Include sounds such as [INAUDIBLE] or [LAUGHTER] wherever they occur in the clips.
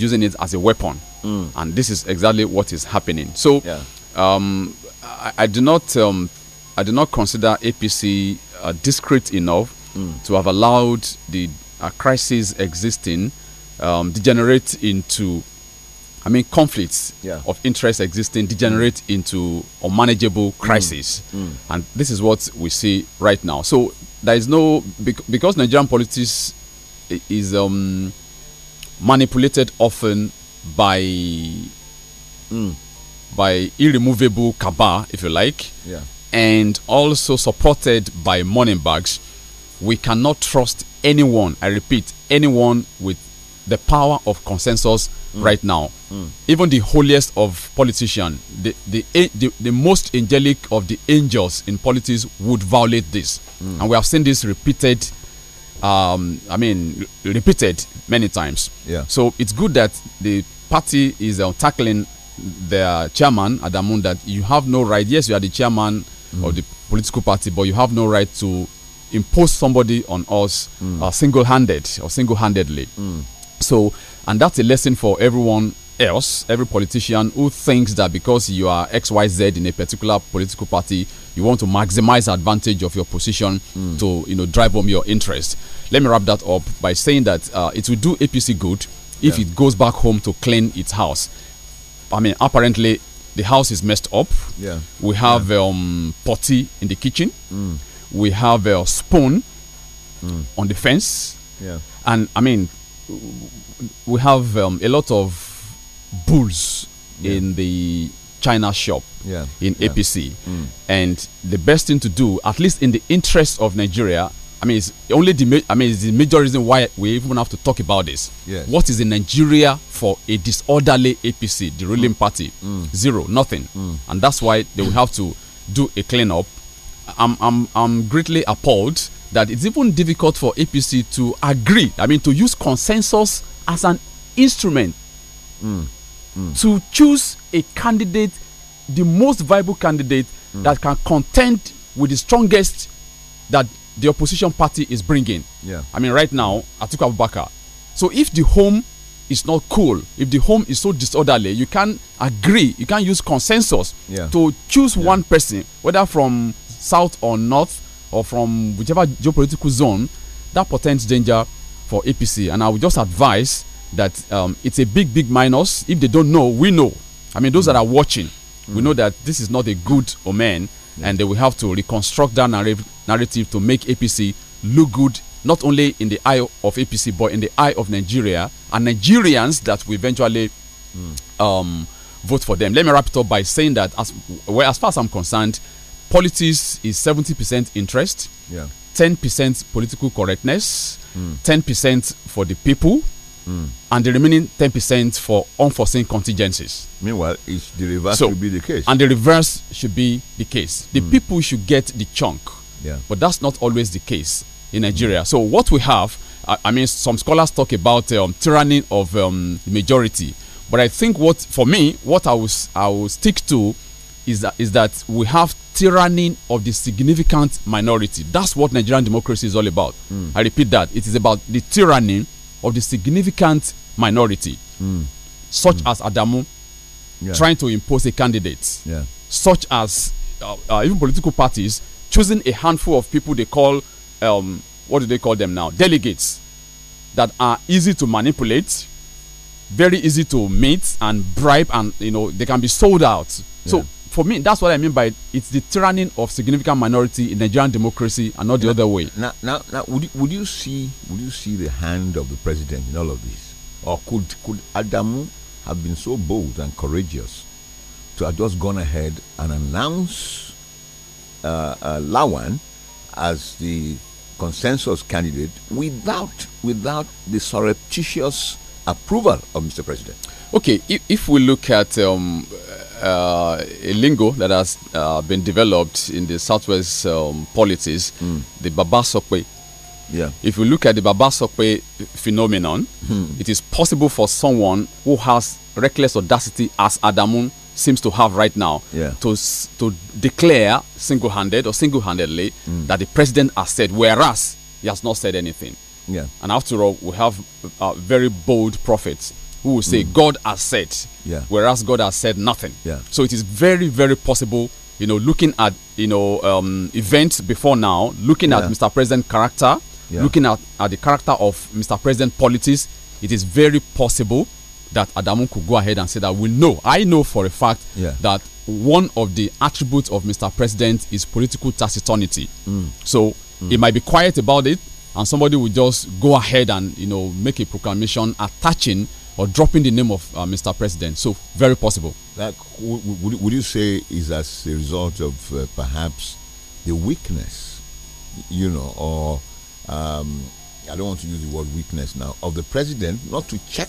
using it as a weapon. Mm. And this is exactly what is happening. So yeah. um, I, I, do not um, I do not consider APC uh, discreet enough mm. to have allowed the uh, crisis existing um, degenerate into I mean, conflicts yeah. of interest existing degenerate mm. into unmanageable mm. crisis. Mm. Mm. And this is what we see right now. So there is no, because Nigerian politics is um, manipulated often by mm, by irremovable kaba, if you like, yeah. and also supported by money bags. We cannot trust anyone. I repeat, anyone with the power of consensus mm. right now. Mm. Even the holiest of politicians, the, the, the, the, most angelic of the angels in politics would violate this. Mm. And we have seen this repeated, um, I mean, repeated many times. Yeah. So it's good that the party is uh, tackling their chairman Adamun that you have no right. Yes, you are the chairman mm. of the political party, but you have no right to impose somebody on us mm. uh, single-handed or single-handedly. Mm. So, and that's a lesson for everyone else, every politician who thinks that because you are XYZ in a particular political party, you want to maximize advantage of your position mm. to, you know, drive home your interest let me wrap that up by saying that uh, it will do APC good if yeah. it goes back home to clean its house. I mean, apparently the house is messed up. Yeah. We have yeah. um, potty in the kitchen. Mm. We have a spoon mm. on the fence. Yeah. And I mean, we have um, a lot of bulls yeah. in the China shop yeah. in APC. Mm. And the best thing to do, at least in the interest of Nigeria, I mean, it's only the I mean, it's the major reason why we even have to talk about this. Yes. What is in Nigeria for a disorderly APC, the ruling mm. party? Mm. Zero, nothing, mm. and that's why they will have to do a cleanup. I'm, I'm, I'm greatly appalled that it's even difficult for APC to agree. I mean, to use consensus as an instrument mm. Mm. to choose a candidate, the most viable candidate mm. that can contend with the strongest that the opposition party is bringing. Yeah. I mean, right now, Atiku Abubakar. So if the home is not cool, if the home is so disorderly, you can't agree, you can't use consensus yeah. to choose yeah. one person, whether from south or north or from whichever geopolitical zone, that portends danger for APC. And I would just advise that um, it's a big, big minus. If they don't know, we know. I mean, those mm. that are watching, mm. we know that this is not a good omen, yeah. and they will have to reconstruct that narrative narrative to make APC look good not only in the eye of APC but in the eye of Nigeria and Nigerians that will eventually mm. um, vote for them. Let me wrap it up by saying that as well as far as I'm concerned, politics is 70% interest, 10% yeah. political correctness, 10% mm. for the people. Mm. And the remaining 10% for unforeseen contingencies. Meanwhile, it's the reverse so, should be the case. And the reverse should be the case. The hmm. people should get the chunk yeah. But that's not always the case in Nigeria. Mm. So what we have, I, I, mean, some scholars talk about um, tyranny of um, majority, but I think what for me, what I will I will stick to is that is that we have tyranny of the significant minority. That's what Nigerian democracy is all about. Mm. I repeat that it is about the tyranny of the significant minority, mm. such mm. as Adamu yeah. trying to impose a candidate, yeah. such as uh, uh, even political parties choosing a handful of people they call, um, what do they call them now? Delegates that are easy to manipulate, very easy to meet and bribe, and you know they can be sold out. Yeah. So for me, that's what I mean by it. it's the tyranny of significant minority in Nigerian democracy, and not the now, other way. Now, now, now, would you, would you see would you see the hand of the president in all of this, or could could Adamu have been so bold and courageous to have just gone ahead and announced uh, uh, Lawan as the consensus candidate without without the surreptitious approval of Mr. President. Okay, if, if we look at um, uh, a lingo that has uh, been developed in the Southwest um, politics, mm. the Babasokwe. Yeah. If we look at the Babasokwe phenomenon, mm. it is possible for someone who has reckless audacity as Adamun seems to have right now yeah. to to declare single-handed or single-handedly mm. that the president has said, whereas he has not said anything. Yeah. And after all, we have uh, very bold prophets who will say, mm. "God has said," yeah. whereas God has said nothing. Yeah. So it is very, very possible. You know, looking at you know um, events before now, looking at Mr. President character, looking at, at the character of Mr. President politics, it is very possible that Adamu could go ahead and say that we know. I know for a fact yeah. that one of the attributes of Mr. President is political taciturnity. Mm. So mm. might be quiet about it, and somebody will just go ahead and you know make a proclamation attaching or dropping the name of uh, Mr. President. So very possible. Like, would, would you say is as a result of uh, perhaps the weakness, you know, or um, I don't want to use the word weakness now of the president not to check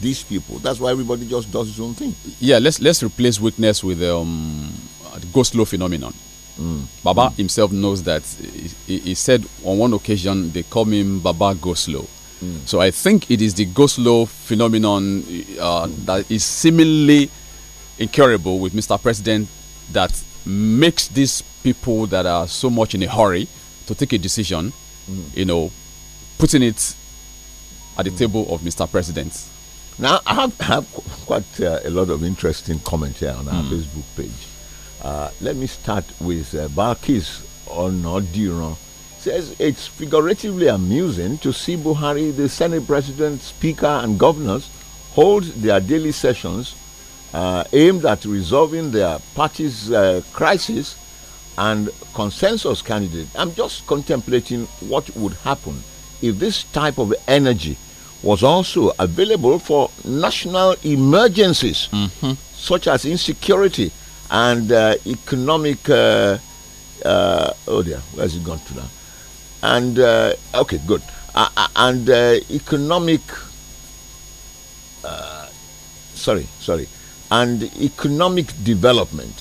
these people. That's why everybody just does his own thing. Yeah, let's let's replace weakness with um, ghost law phenomenon. Mm. Baba mm. himself knows that. He, he, said on one occasion they call him Baba Ghost Law. Mm. So I think it is the ghost law phenomenon uh, that is seemingly incurable with Mr. President that makes these people that are so much in a hurry to take a decision, mm. you know, putting it at the mm. table of Mr. President. Now, I have, I have quite uh, a lot of interesting comments here on our mm. Facebook page. Uh, let me start with uh, on Onodiran. Says it's figuratively amusing to see Buhari, the Senate President, Speaker, and governors hold their daily sessions uh, aimed at resolving their party's uh, crisis and consensus candidate. I'm just contemplating what would happen if this type of energy was also available for national emergencies mm -hmm. such as insecurity and uh, economic. Uh, uh, oh dear, where's it gone to now? And uh, okay, good. Uh, and economic. sorry, sorry, and economic development.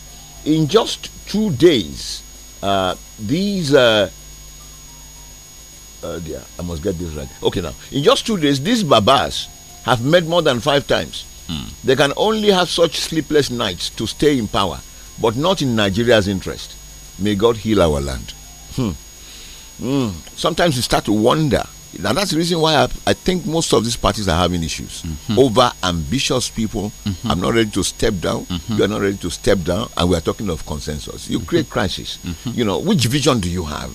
In just two days, these uh, dear, I must get this right. Okay, now, in just two days, these babas have met more than five times. Mm. They can only have such sleepless nights to stay in power, but not in Nigeria's interest. May God heal our land. Hmm. Mm. Sometimes we start to wonder. Now, that's the reason why I, I think most of these parties are having issues. Mm -hmm. Over ambitious people. Mm -hmm. I'm not ready to step down. Mm-hmm. You are not ready to step down. And we are talking of consensus. You create crisis. Mm-hmm. You know, which vision do you have?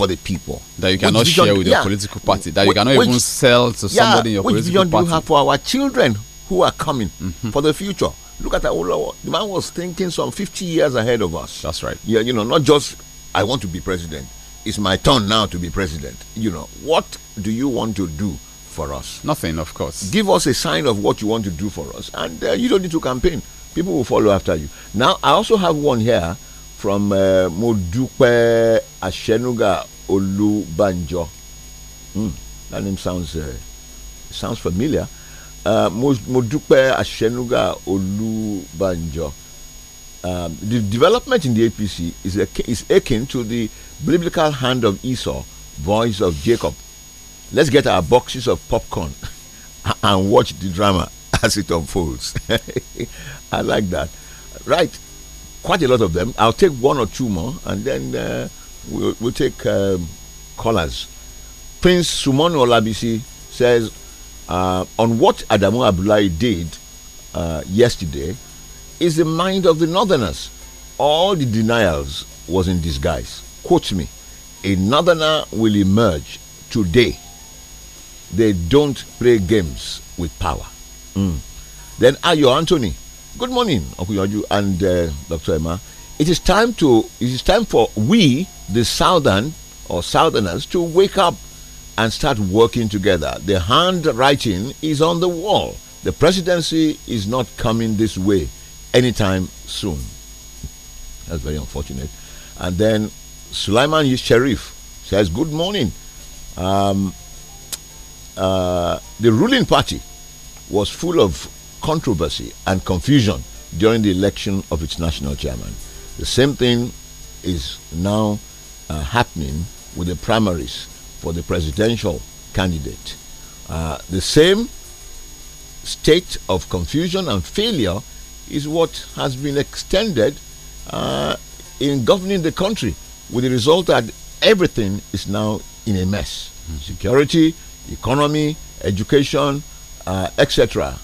for the people. That you cannot share with your yeah. political party. That which, you cannot which, even sell to yeah, somebody in your political party. Which vision do you have for our children who are coming mm -hmm. for the future? Look at Awolowo. Oh, the man was thinking some 50 years ahead of us. That's right. Yeah, you know, not just I want to be president. It's my turn now to be president. You know, what do you want to do for us? Nothing, of course. Give us a sign of what you want to do for us, and uh, you don't need to campaign. People will follow after you. Now, I also have one here from uh, eh, Modupe Ashenuga Olubanjo. Mm, that name sounds uh, sounds familiar. Uh, eh, Modupe Ashenuga Olubanjo. Um, the development in the APC is, a, is akin to the biblical hand of Esau, voice of Jacob. Let's get our boxes of popcorn [LAUGHS] and watch the drama as it unfolds. [LAUGHS] I like that. Right quite a lot of them. I'll take one or two more, and then uh, we'll, we'll, take um, callers. Prince Sumonu Olabisi says, uh, on what Adamu Abulai did uh, yesterday is the mind of the northerners. All the denials was in disguise. Quote me, a northerner will emerge today. They don't play games with power. Mm. Then Ayo Anthony Good morning, Uncle Yoju and uh, Dr. Emma. It is time to it is time for we, the Southern or Southerners, to wake up and start working together. The handwriting is on the wall. The presidency is not coming this way anytime soon. That's very unfortunate. And then Sulaiman Sharif says, Good morning. Um, uh, the ruling party was full of controversy and confusion during the election of its national chairman. The same thing is now uh, happening with the primaries for the presidential candidate. Uh, the same state of confusion and failure is what has been extended uh, in governing the country, with the result that everything is now in a mess. Mm Security, economy, education, uh, etc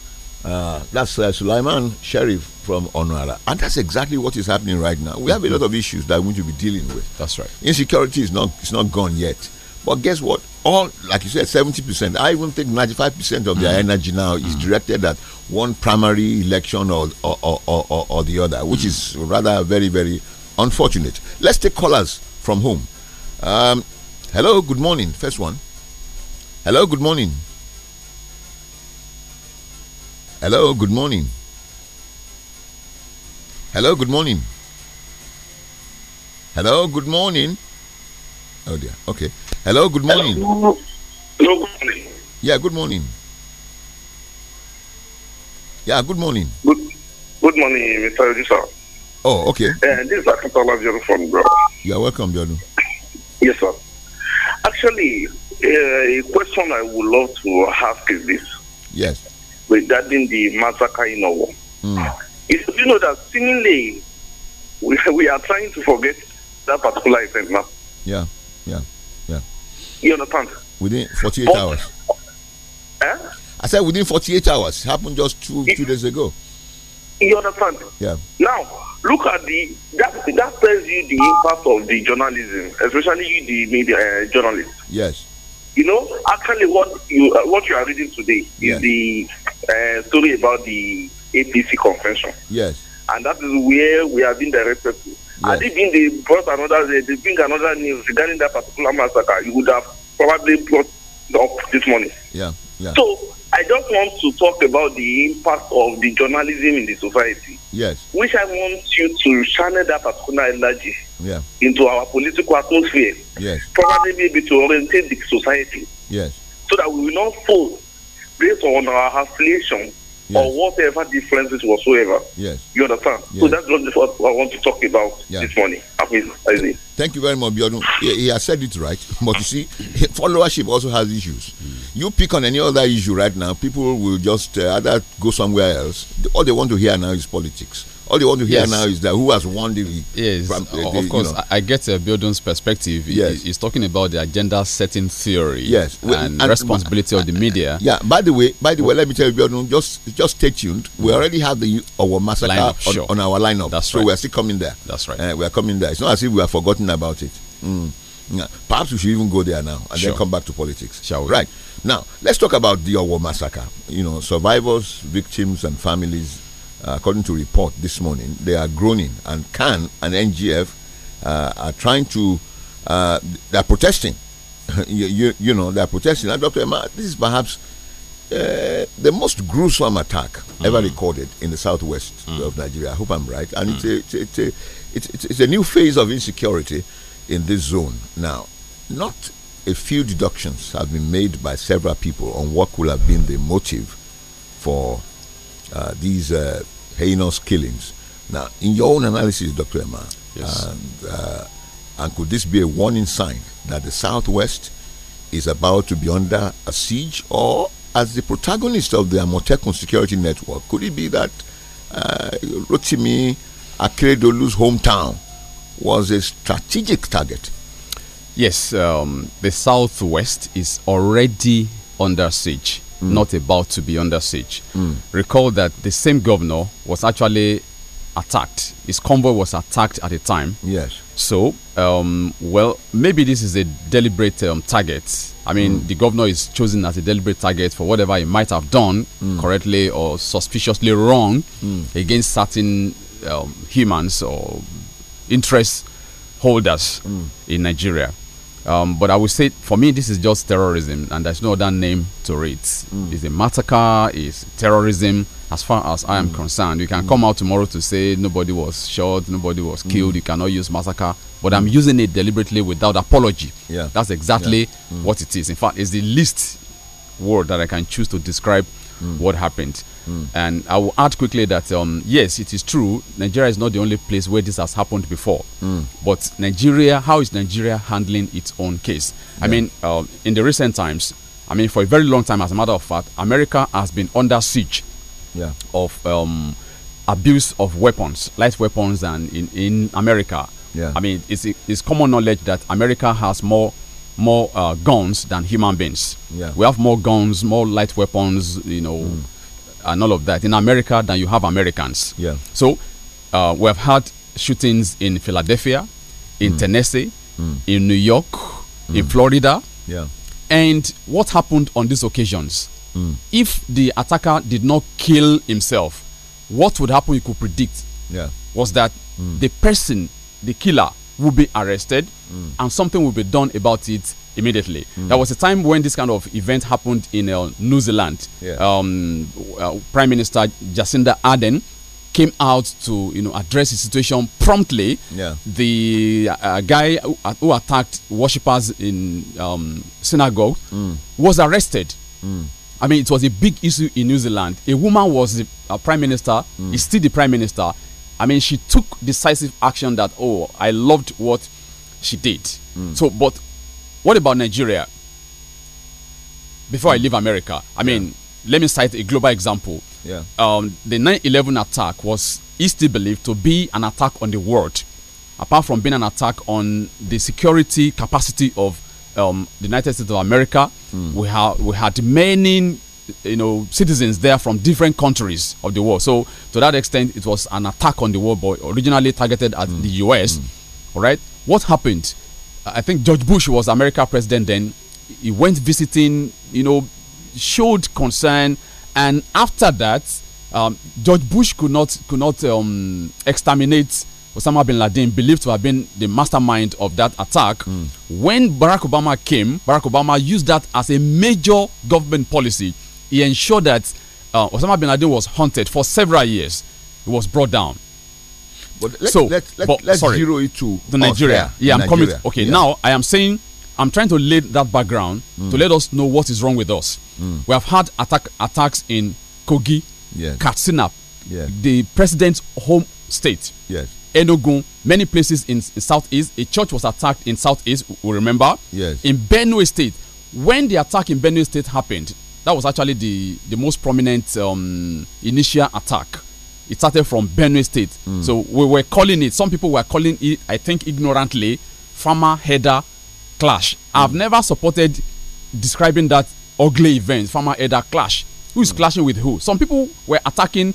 uh, that's uh, Sulaiman Sheriff from Onara. And that's exactly what is happening right now. We have a mm-hmm. lot of issues that we need to be dealing with. That's right. Insecurity is not, it's not gone yet. But guess what? All, like you said, 70%. I even think 95% of their mm-hmm. energy now is mm. directed at one primary election or, or, or, or, or the other, which mm. is rather very, very unfortunate. Let's take callers from home. Um, hello, good morning. First one. Hello, good morning. Hello, good morning. Hello, good morning. Hello, good morning. Oh dear. Okay. Hello, good morning. Hello. good morning. Yeah, good morning. Yeah, good morning. Good, good morning, Mr. Yusuf. Oh, okay. Uh, this is Akintola Biodu from Bro. You're welcome, Biodu. Yes, sir. Actually, uh, a question I would love to ask is this. Yes regarding the massacre in Owo. Mm. you know that seemingly we, we are trying to forget that particular event now. Yeah, yeah, yeah. You understand? Within 48 but, hours. Eh? I said within 48 hours. Happened just two it, two days ago. You understand? Yeah. Now, look at the, that, that tells you the impact of the journalism, especially the media uh, journalists. Yes you know, actually, what you uh, what you are reading today yes. is the uh, story about the APC convention. Yes, and that is where we have been directed to. Yes. Had it been they brought another, uh, they bring another news regarding that particular massacre, you would have probably brought up this morning. Yeah, yeah. So I just want to talk about the impact of the journalism in the society. Yes, which I want you to channel that particular energy yeah. into our political atmosphere. Yes. Probably maybe to orientate the society. Yes. So that we will not fall based on our affiliation yes. or whatever differences whatsoever. Yes. You understand? Yes. So that's what I want to talk about yeah. this morning. Thank you very much, Biodun. He, he, has said it right. [LAUGHS] But you see, [LAUGHS] followership also has issues. Mm. You pick on any other issue right now, people will just uh, either go somewhere else. All they want to hear now is politics all you want to hear yes. now is that who has won the. Yes, from, uh, the, of course. You know. I get a uh, building's perspective. Yes. He's talking about the agenda setting theory. Yes. and, and, responsibility and, of the media. Yeah. By the way, by the way, let me tell you, Bildun, just just stay tuned. We mm. already have the our massacre lineup, on, sure. on, our lineup. That's so right. So we are still coming there. That's right. Uh, we are coming there. It's not as if we have forgotten about it. Mm. Yeah. Perhaps we should even go there now and sure. then come back to politics. Shall we? Right. Now, let's talk about the Owo massacre. You know, survivors, victims, and families uh, according to report this morning, they are groaning, and CAN and NGF uh, are trying to, uh, they are protesting. [LAUGHS] you, you, you, know, they are protesting. Dr. Emma, this is perhaps the most gruesome attack mm. ever recorded in the southwest mm. of Nigeria. I hope I'm right. And mm. it's, a, it's, a, it's, it's, it's a new phase of insecurity in this zone now. Not a few deductions have been made by several people on what could have been the motive for uh, these uh, heinous killings. Now, in your own analysis, Dr. Emma, yes. and, uh, and could this be a warning sign that the Southwest is about to be under a siege or as the protagonist of the Amotekun security network, could it be that uh, Rotimi Akeredolu's hometown was a strategic target? Yes, um, the southwest is already under siege mm. not about to be under siege. Mm. Recall that the same governor was actually attacked. His convoy was attacked at a time. Yes. So, um, well, maybe this is a deliberate um, target. I mean, mm. the governor is chosen as a deliberate target for whatever he might have done mm. correctly or suspiciously wrong mm. against certain um, humans or interest holders mm. in Nigeria. Um, but I would say for me, this is just terrorism, and there's no other name to it. Mm. It's a massacre, it's terrorism. As far as I am mm. concerned, you can mm. come out tomorrow to say nobody was shot, nobody was mm. killed. You cannot use massacre, but I'm using it deliberately without apology. Yeah, that's exactly yeah. Mm. what it is. In fact, it's the least word that I can choose to describe mm. what happened. Mm. And I will add quickly that um, yes, it is true. Nigeria is not the only place where this has happened before. Mm. But Nigeria, how is Nigeria handling its own case? Yeah. I mean, um, in the recent times, I mean, for a very long time, as a matter of fact, America has been under siege yeah. of um, abuse of weapons, light weapons, and in in America. Yeah. I mean, it's it's common knowledge that America has more more uh, guns than human beings. Yeah. We have more guns, more light weapons, you know, mm. and all of that in America than you have Americans. Yeah. So uh, we have had shootings in Philadelphia, in mm. Tennessee, mm. in New York, in mm. Florida. Yeah. And what happened on these occasions? Mm. If the attacker did not kill himself, what would happen? You could predict. Yeah. Was that mm. the person, the killer, will be arrested mm. and something will be done about it immediately. Mm. There was a time when this kind of event happened in uh, New Zealand. Yeah. Um, uh, Prime Minister Jacinda Ardern came out to you know address the situation promptly. Yeah. The uh, uh guy uh, who, attacked worshippers in um, synagogue mm. was arrested. Mm. I mean, it was a big issue in New Zealand. A woman was the uh, prime minister, hmm. is still the prime minister, I mean, she took decisive action that, oh, I loved what she did. Mm. So, but what about Nigeria? Before I leave America, I mean, yeah. let me cite a global example. Yeah. Um, the 9 11 attack was is still believed to be an attack on the world, apart from being an attack on the security capacity of um, the United States of America. Mm. We, ha- we had many you know citizens there from different countries of the world. So to that extent, it was an attack on the world, but originally targeted at mm. the U.S. Mm. All right, what happened? I think George Bush was America president then. He went visiting, you know, showed concern, and after that, um, George Bush could not could not um, exterminate Osama bin Laden, believed to have been the mastermind of that attack. Mm. When Barack Obama came, Barack Obama used that as a major government policy he ensured that uh, Osama bin Laden was hunted for several years. He was brought down. But let, so, let, let, but, let's sorry, zero it to the Nigeria. yeah, I'm Nigeria. coming. Okay, yeah. now I am saying I'm trying to lay that background mm. to let us know what is wrong with us. Mm. We have had attack attacks in Kogi, yes. Katsina, yes. the president's home state, yes. Enugu, many places in, in, southeast. A church was attacked in southeast. We remember. Yes. In Benue State, when the attack in Benue State happened, that was actually the the most prominent um, initial attack. It started from Benue State, mm. so we were calling it. Some people were calling it, I think, ignorantly, farmer header clash. Mm. I've never supported describing that ugly event, farmer header clash. Who is mm. clashing with who? Some people were attacking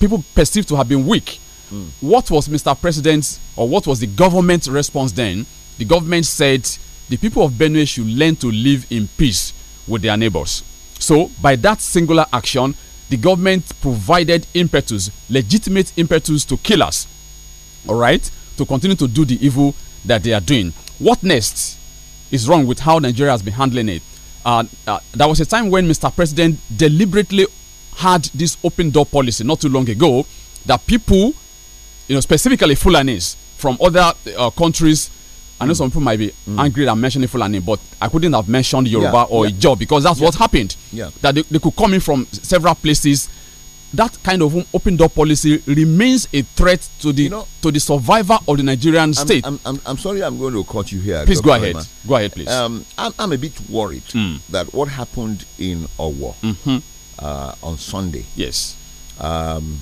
people perceived to have been weak. Mm. What was Mr. President's or what was the government's response then? The government said the people of Benue should learn to live in peace with their neighbors. So, by that singular action, the government provided impetus, legitimate impetus to kill us, all right, to continue to do the evil that they are doing. What next is wrong with how Nigeria has been handling it? Uh, uh, there was a time when Mr. President deliberately had this open door policy not too long ago that people, you know, specifically Fulanis from other uh, countries I know some people might be mm. angry that I'm mentioning Fulani, but I couldn't have mentioned Yoruba yeah, or yeah. because that's yeah. what happened. Yeah. That they, they could come in from several places. That kind of open door policy remains a threat to the you know, to the survivor of the Nigerian I'm, state. I'm, I'm, I'm, sorry, I'm going to cut you here. Please Dr. go ahead. Go ahead, please. Um, I'm, I'm a bit worried mm. that what happened in Owo mm -hmm. uh, on Sunday, yes, um,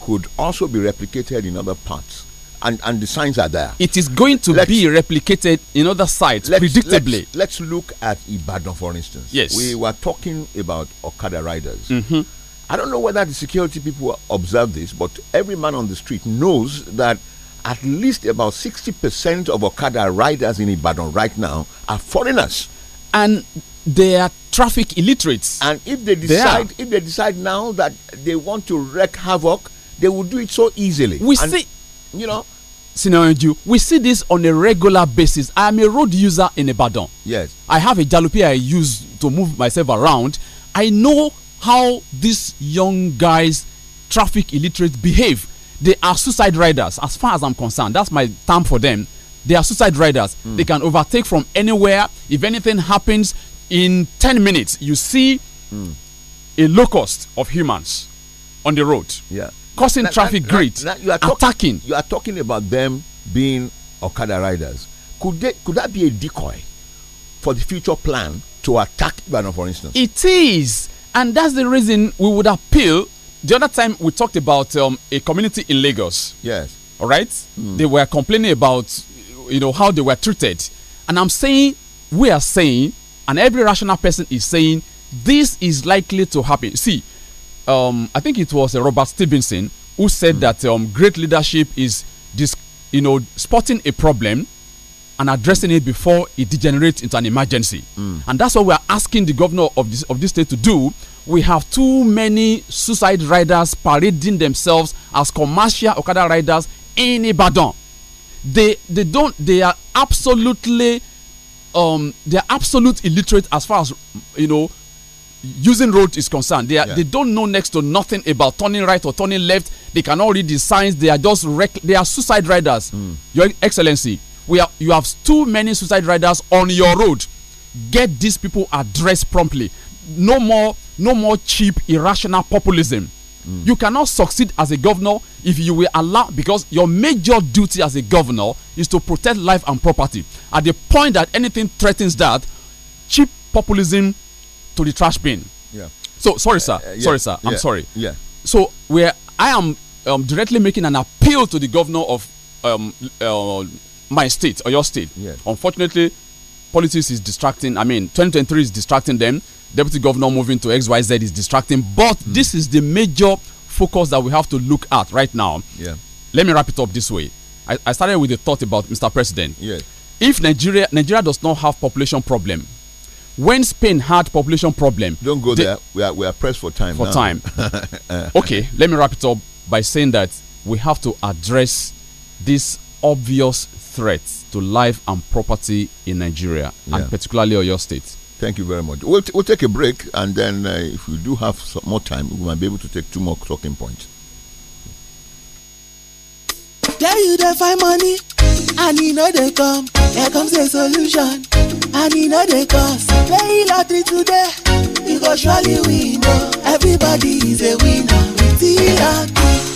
could also be replicated in other parts and, and the signs are there. It is going to let's, be replicated in other sites, let's, predictably. Let's, let's, look at Ibadan, for instance. Yes. We were talking about Okada riders. Mm -hmm. I don't know whether the security people observe this, but every man on the street knows that at least about 60% of Okada riders in Ibadan right now are foreigners. And they are traffic illiterates. And if they decide, they if they decide now that they want to wreak havoc, they will do it so easily. We and see you know. Sinanju, we see this on a regular basis. I am a road user in Ibadan. Yes. I have a jalopy I use to move myself around. I know how these young guys, traffic illiterate, behave. They are suicide riders, as far as I'm concerned. That's my term for them. They are suicide riders. Mm. They can overtake from anywhere. If anything happens in 10 minutes, you see mm. a locust of humans on the road. Yeah causing traffic that, grid, you are attacking. You are talking about them being Okada riders. Could they? Could that be a decoy for the future plan to attack Ibadan, for instance? It is, and that's the reason we would appeal. The other time we talked about um, a community in Lagos. Yes. All right. Mm. They were complaining about you know how they were treated, and I'm saying we are saying, and every rational person is saying this is likely to happen. See um, I think it was uh, Robert Stevenson who said mm. that um, great leadership is this, you know, spotting a problem and addressing it before it degenerates into an emergency. Mm. And that's what we are asking the governor of this of this state to do. We have too many suicide riders parading themselves as commercial Okada riders in Ibadan. They they don't they are absolutely um they are absolute illiterate as far as you know using road is concerned, they, are, yeah. they don't know next to nothing about turning right or turning left. They cannot read the signs. They are just wreck, they are suicide riders. Mm. Your Excellency, we are, you have too many suicide riders on your road. Get these people addressed promptly. No more, no more cheap irrational populism. Mm. You cannot succeed as a governor if you will allow, because your major duty as a governor is to protect life and property. At the point that anything threatens that, cheap populism to the trash bin. Yeah. So sorry, sir. Uh, uh yeah. Sorry, sir. I'm sorry. Yeah. So where I am um, directly making an appeal to the governor of um, uh, my state or your state. Yeah. Unfortunately, politics is distracting. I mean, 2023 is distracting them. Deputy governor moving to XYZ is distracting. But mm. this is the major focus that we have to look at right now. Yeah. Let me wrap it up this way. I, I started with the thought about Mr. President. Yeah. If Nigeria Nigeria does not have population problem, when Spain had population problem. Don't go there. We are we are pressed for time. For now. time. [LAUGHS] okay, let me wrap it up by saying that we have to address this obvious threat to life and property in Nigeria yeah. and particularly Oyo State. Thank you very much. We'll, we'll take a break and then uh, if we do have some more time, we might be able to take two more talking points. There you dey find money, and need no they come. Here comes the solution, and need no they cost. Play lottery today, you go surely win. Oh. Everybody is a winner.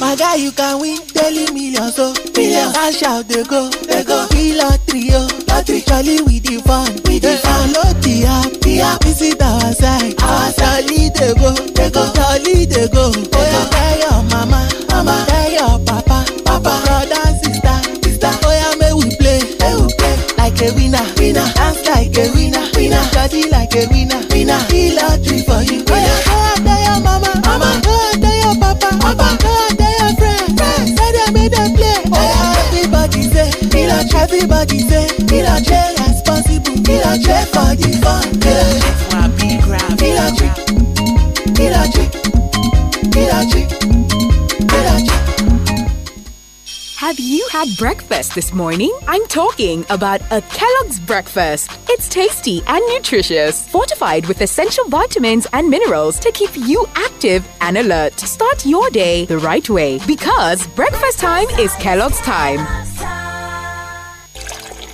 My guy, you can win daily millions, so oh. millions. Cash out they go, they go. We lottery, oh, lottery. Charlie with the fun, with the fun. Download the app, the app. Visit our side, our side. Charlie they go, they go. Charlie they go, they go. Tell oh, your mama, mama. Tell your papa, papa. Brother, sister, sister. Oya oh, me we play, may we play. Like a winner, winner. Dance like a winner, winner. Charlie like a winner, winner. We lottery for you, winner. Oya yeah, tell your mama, mama. Baba, God, they are friends. friends. Say they made them play. Oh, yeah. Everybody say, Mila everybody say, Mila responsible. Mila for the fun. Mila J, Mila J, Mila J, Mila J. Have you had breakfast this morning? I'm talking about a Kellogg's breakfast. It's tasty and nutritious, fortified with essential vitamins and minerals to keep you active and alert. Start your day the right way because breakfast time is Kellogg's time.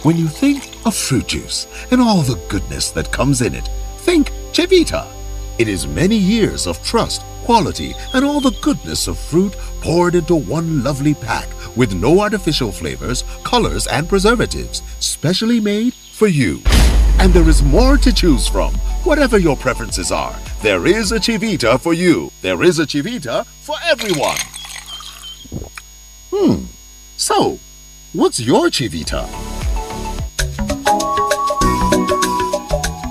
When you think of fruit juice and all the goodness that comes in it, think Chevita. It is many years of trust, quality, and all the goodness of fruit poured into one lovely pack with no artificial flavors, colors, and preservatives, specially made for you. And there is more to choose from. Whatever your preferences are, there is a Chivita for you. There is a Chivita for everyone. Hmm. So, what's your Chivita?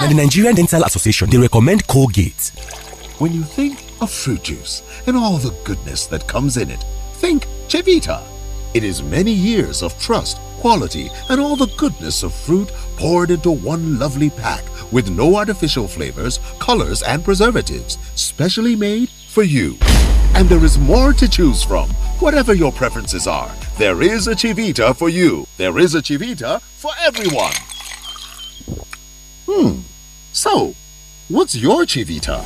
Now, the Nigerian Dental Association, they recommend Colgate. When you think of fruit juice and all the goodness that comes in it, think Chivita. It is many years of trust, quality, and all the goodness of fruit poured into one lovely pack with no artificial flavors, colors, and preservatives, specially made for you. And there is more to choose from. Whatever your preferences are, there is a Chivita for you. There is a Chivita for everyone. Hmm. So, what's your Chivita?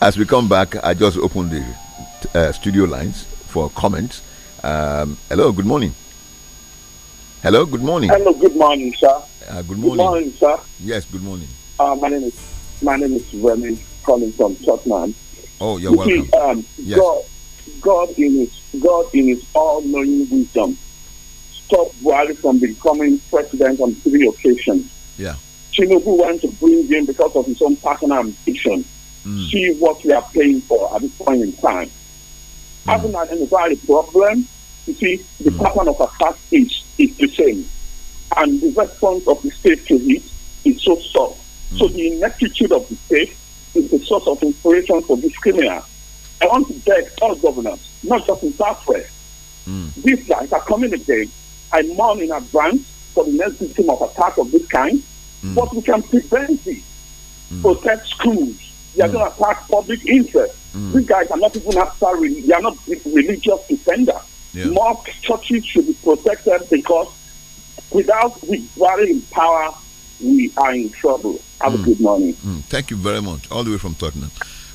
As we come back, I just opened the uh, studio lines for comments. Um, hello, good morning. Hello, good morning. Hello, good morning, sir. Uh, good, morning. good morning. sir. Yes, good morning. Uh, my name is my name is Remy calling from Tottenham. Oh, you're welcome. um, yes. God, God in His God in His all-knowing wisdom stopped Buhari from becoming president on three occasions. Yeah. Tinubu went to bring him because of his own personal ambition. Mm. See what we are paying for at this point in time. Mm. Having identified the problem, you see, the mm. pattern of attack is, is the same. And the response of the state to it is so soft. Mm. So the ineptitude of the state is the source of inspiration for this criminal. I want to beg all governors, not just in Southwest. Mm. These guys are coming again. I mourn in advance for the next victim of attack of this kind, mm. but we can prevent it. Mm. Protect schools. They are mm. going to attack public interest. Hmm. These guys are not even after, they are not religious defenders. Yeah. More churches should be protected because without withdrawing power, we are in trouble. Have mm. a good morning. Mm. Thank you very much. All the way from Tottenham.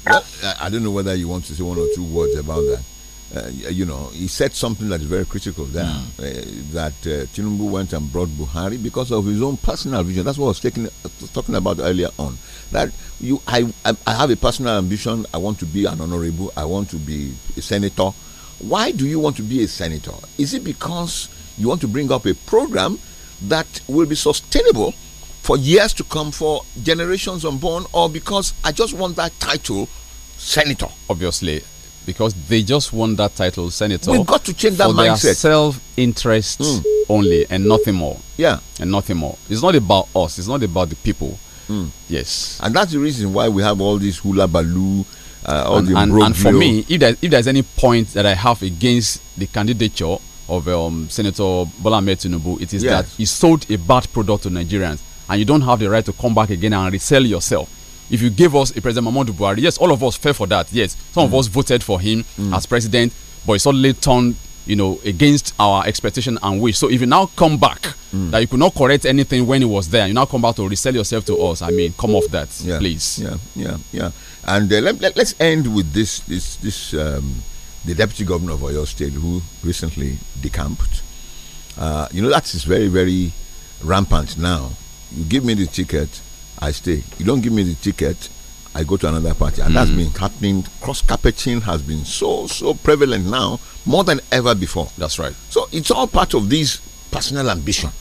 Well, I don't know whether you want to say one or two words about that. Uh, you know, he said something that is very critical there mm. uh, that uh, Tinubu went and brought Buhari because of his own personal vision. That's what I was taking, talking about earlier on. That you, I, I, I have a personal ambition. I want to be an honorable. I want to be a senator. Why do you want to be a senator? Is it because you want to bring up a program that will be sustainable for years to come, for generations unborn, or because I just want that title, senator. Obviously, because they just want that title, senator. We've got to change that mindset. self-interest mm. only, and nothing more. Yeah, and nothing more. It's not about us. It's not about the people. Mm. Yes, and that's the reason why we have all these hula baloo. Uh, all and, and, and for me, if, if there's any point that I have against the candidature of um, Senator Bola Tinubu, it is yes. that he sold a bad product to Nigerians and you don't have the right to come back again and resell yourself. If you gave us a President Mahmoud Buhari, yes, all of us fell for that. Yes, some mm. of us voted for him mm. as president, but it suddenly turned, you know, against our expectation and wish. So if you now come back, mm. that you could not correct anything when he was there, you now come back to resell yourself to us. I mean, come off that, yeah, please. Yeah, yeah, yeah. And uh, let, let, us end with this, this, this. Um, the deputy governor of Oyo State, who recently decamped, uh, you know that is very, very rampant now you give me the ticket, I stay. You don't give me the ticket, I go to another party. And mm. that's hmm. been happening. Cross carpeting has been so, so prevalent now, more than ever before. That's right. So it's all part of this personal ambition.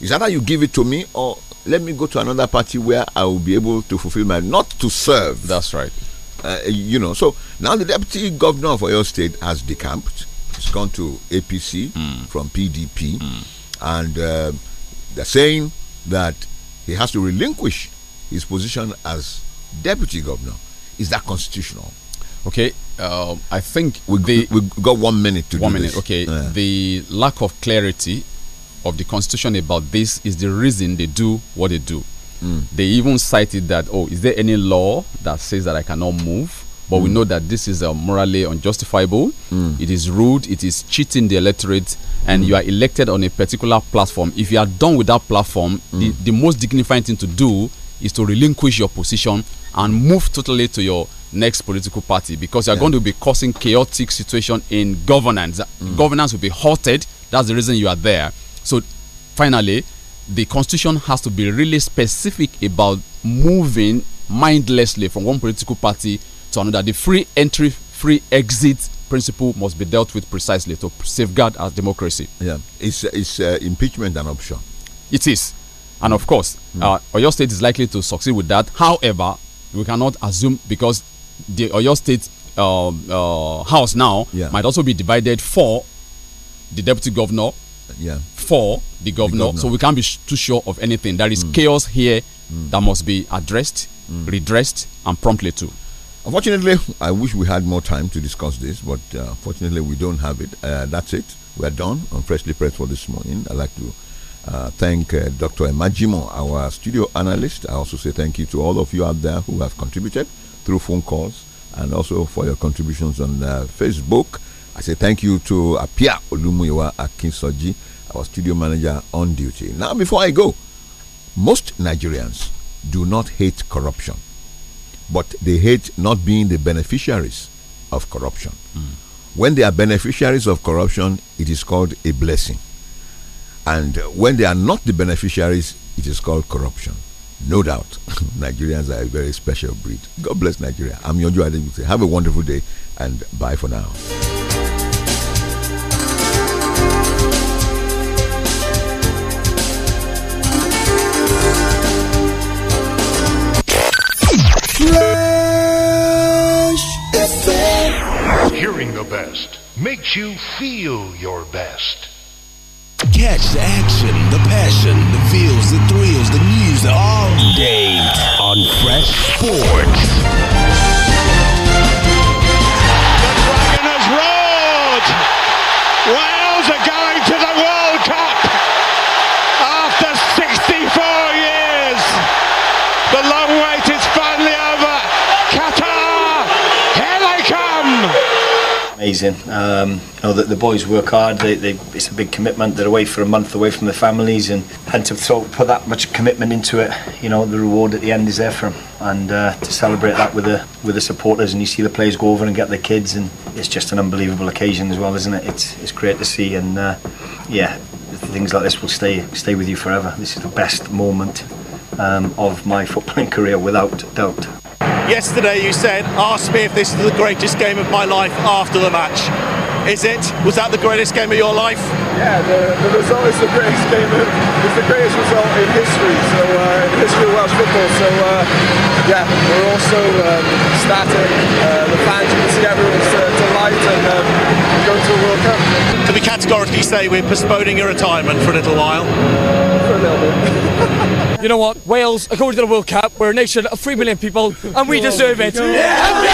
It's either you give it to me or let me go to another party where I will be able to fulfill my not to serve. That's right. Uh, you know, so now the deputy governor of Oyo State has decamped. He's gone to APC mm. from PDP, mm. and uh, they're saying that he has to relinquish his position as deputy governor. Is that constitutional? Okay, uh, I think we, the, we got one minute to one minute. This. Okay, yeah. the lack of clarity of the constitution about this is the reason they do what they do. Mm. They even cited that. Oh, is there any law that says that I cannot move? But mm. we know that this is uh, morally unjustifiable. Mm. It is rude. It is cheating the electorate. And hmm. you are elected on a particular platform. If you are done with that platform, the, hmm. the most dignifying thing to do is to relinquish your position and move totally to your next political party because you're yeah. going to be causing chaotic situation in governance. Mm. Governance will be halted. That's the reason you are there. So finally, the constitution has to be really specific about moving mindlessly from one political party to another. The free entry, free exit principle must be dealt with precisely to safeguard our democracy. Yeah, it's, uh, impeachment an option? It is. And of course, mm. uh, Oyo State is likely to succeed with that. However, we cannot assume because the Oyo State um, uh, House now yeah. might also be divided for the deputy governor, yeah. for the governor. the governor. So we can't be too sure of anything. There is mm. chaos here mm. that must be addressed, mm. redressed, and promptly too. Unfortunately, I wish we had more time to discuss this, but uh, fortunately, we don't have it. Uh, that's it. We're done on Freshly Pressed for this morning. I'd like to uh, thank uh, Dr. Emajimo, our studio analyst. I also say thank you to all of you out there who have contributed through phone calls and also for your contributions on uh, Facebook. I say thank you to Apia Olumuyiwa Akinsoji, our studio manager on duty. Now, before I go, most Nigerians do not hate corruption but they hate not being the beneficiaries of corruption. Mm. When they are beneficiaries of corruption, it is called a blessing. And when they are not the beneficiaries, it is called corruption. No doubt, [LAUGHS] Nigerians are a very special breed. God bless Nigeria. I'm your Adebute. Have a wonderful day and bye for now. hearing the best makes you feel your best. Catch the action, the passion, the feels, the thrills, the news all day on Fresh Sports. The Dragon us roads. amazing. Um, you know that the boys work hard. They, they, it's a big commitment. They're away for a month, away from their families, and and to throw, put that much commitment into it, you know, the reward at the end is there for them. And uh, to celebrate that with the with the supporters, and you see the players go over and get their kids, and it's just an unbelievable occasion as well, isn't it? It's it's great to see, and uh, yeah, things like this will stay stay with you forever. This is the best moment um, of my footballing [LAUGHS] career, without doubt. Yesterday you said, ask me if this is the greatest game of my life after the match. Is it? Was that the greatest game of your life? Yeah, the, the result is the greatest game. Of, it's the greatest result in history. So uh, in history of Welsh football. So uh, yeah, we're also um, static. Uh, the fans, you can see everyone's uh, delight and. Um, to a World Cup. Can we categorically say we're postponing your retirement for a little while? For a little bit. [LAUGHS] you know what? Wales, according to the World Cup, we're a nation of 3 million people and we deserve it. Yeah.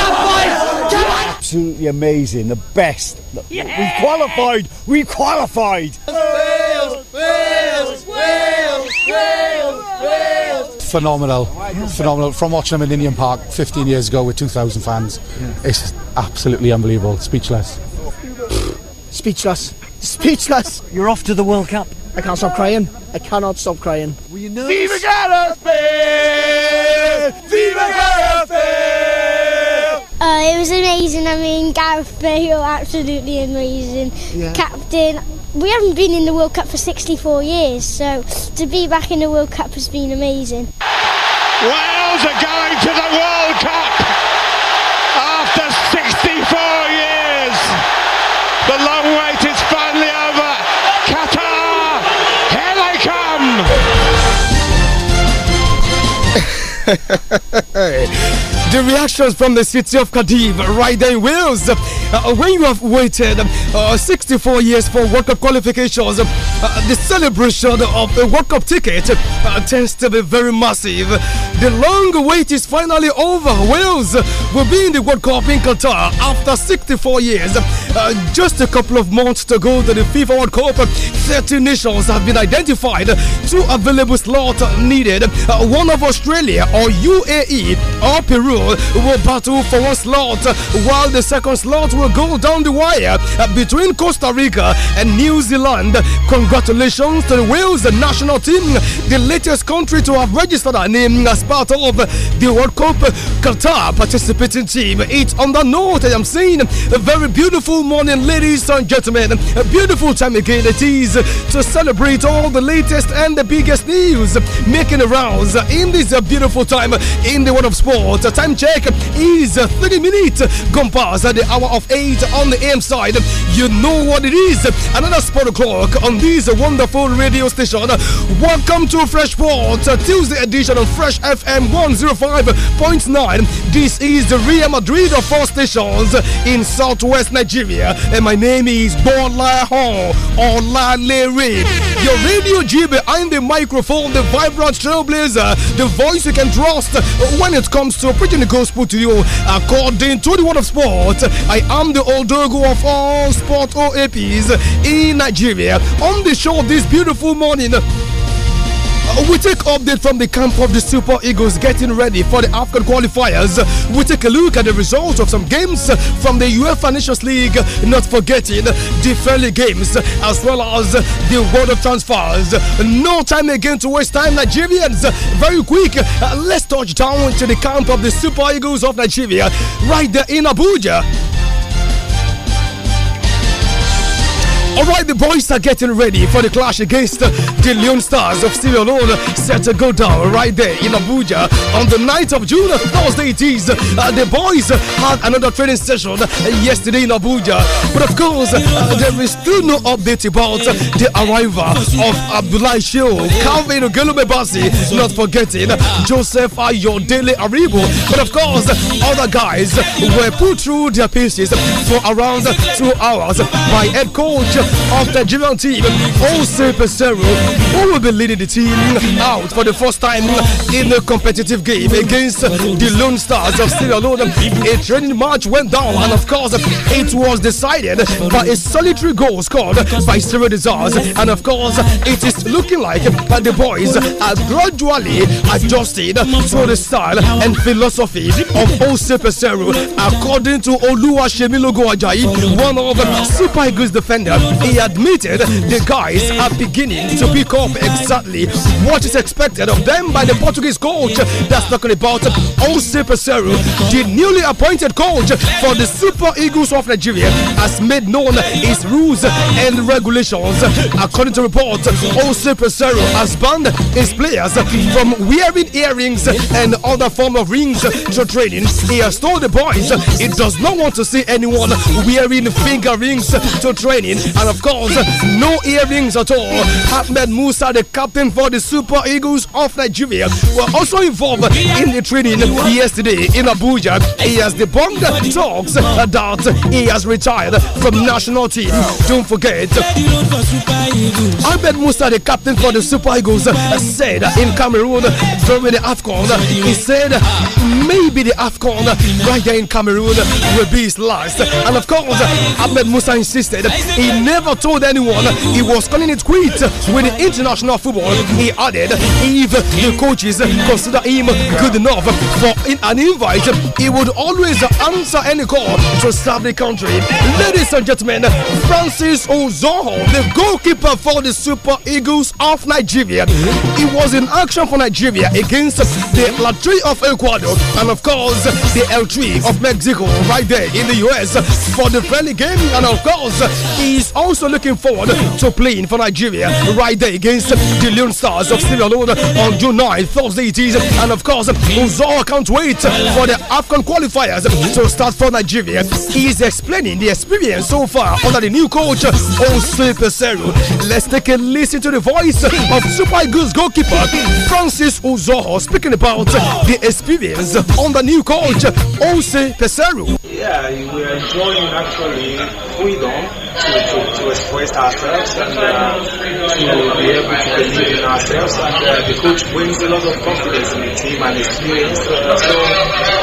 Absolutely amazing, the best. Yeah. We qualified, we qualified. Wales, Wales, Wales, Wales, Wales phenomenal, phenomenal. From watching them in Indian Park 15 years ago with 2,000 fans, yeah. it's absolutely unbelievable. Speechless. Speechless. Speechless. You're off to the World Cup. I can't stop crying. I cannot stop crying. Were you nervous? Viva Gareth Bale! Viva Gareth Bale! Oh, it was amazing. I mean, Gareth Bale, absolutely amazing. Yeah. Captain. We haven't been in the World Cup for 64 years, so to be back in the World Cup has been amazing. Wales are going to the World Cup! the reactions from the city of Cardiff, right there in Wales. Uh, when you have waited uh, 64 years for World Cup qualifications, uh, the celebration of the World Cup ticket uh, tends to be very massive. The long wait is finally over. Wales will be in the World Cup in Qatar after 64 years. Uh, just a couple of months to go to the FIFA World Cup, 30 nations have been identified. Two available slots needed. Uh, one of Australia or UAE or Peru will battle for one slot, while the second slot will go down the wire uh, between Costa Rica and New Zealand. Congratulations to the Wales national team, the latest country to have registered a name as part of the World Cup Qatar participating team. It's on the note I am seeing a very beautiful Good morning, ladies and gentlemen. A beautiful time again it is to celebrate all the latest and the biggest news making rounds in this beautiful time in the world of sport. Time check is 30 minutes gone past the hour of 8 on the AM side. You know what it is. Another sport o'clock on this wonderful radio station. Welcome to Fresh Sports, Tuesday edition of Fresh FM 105.9. This is the Real Madrid of four stations in southwest Nigeria and my name is Bola La Olaleri. Your radio G behind the microphone, the vibrant trailblazer, the voice you can trust uh, when it comes to preaching the gospel to you. According to the world of sport, I am the dog of all sport OAPs in Nigeria. On the show this beautiful morning. Uh, we take update from the camp of the Super Eagles getting ready for the African qualifiers. We take a look at the results of some games from the UEFA Nations League, not forgetting the friendly games as well as the world of transfers. No time again to waste time, Nigerians. Very quick, uh, let's touch down to the camp of the Super Eagles of Nigeria right there in Abuja. All right, the boys are getting ready for the clash against the Leon Stars of Sierra Leone set to go down right there in Abuja on the 9th of June. Thursday it is. Uh, the boys had another training session yesterday in Abuja, but of course uh, there is still no update about the arrival of Abdullah Shio, Calvin Ogelumebasi, not forgetting Joseph Ayodele Aribo, but of course other guys were put through their paces for around two hours by head coach after Givenchy Jose Pesero, who will be leading the team out for the first time in a competitive game against the Lone Stars of Sierra Leone. A training match went down, and of course, it was decided by a solitary goal scored by Sierra Desires. And of course, it is looking like the boys are gradually adjusted to the style and philosophy of Jose Pesero, according to Oluwa Shemilogo Ajayi, one of Super Eagles defenders. He admitted the guys are beginning to pick up exactly what is expected of them by the Portuguese coach. That's talking about Jose Pesero, the newly appointed coach for the Super Eagles of Nigeria, has made known his rules and regulations. According to reports, Jose Pesero has banned his players from wearing earrings and other form of rings to training. He has told the boys he does not want to see anyone wearing finger rings to training and of course, no earrings at all. Ahmed Musa, the captain for the Super Eagles of Nigeria, were also involved in the training yesterday in Abuja. He has debunked talks that he has retired from national team. Don't forget, Ahmed Musa, the captain for the Super Eagles, said in Cameroon during the AFCON, he said maybe the AFCON right there in Cameroon will be his last. And of course, Ahmed Musa insisted he never told anyone he was calling it quit with the international football. He added, if the coaches consider him good enough for an invite, he would always answer any call to serve the country. Ladies and gentlemen, Francis Ozoho, the goalkeeper for the Super Eagles of Nigeria, he was in action for Nigeria against the L3 of Ecuador and, of course, the L3 of Mexico right there in the US for the friendly game. And, of course, he's also looking forward to playing for Nigeria right there against the lion Stars of Sierra Leone on June 9th, Thursday it is. And of course, Uzoa can't wait for the AFCON qualifiers to start for Nigeria. He is explaining the experience so far under the new coach, Ose Pesero. Let's take a listen to the voice of Super Eagles goalkeeper Francis Uzoho speaking about the experience on the new coach, Ose Pesero. Yeah, we are enjoying actually freedom to, to to express ourselves and uh, to be able to believe in ourselves. And uh, the coach brings a lot of confidence in the team and experience. Uh, so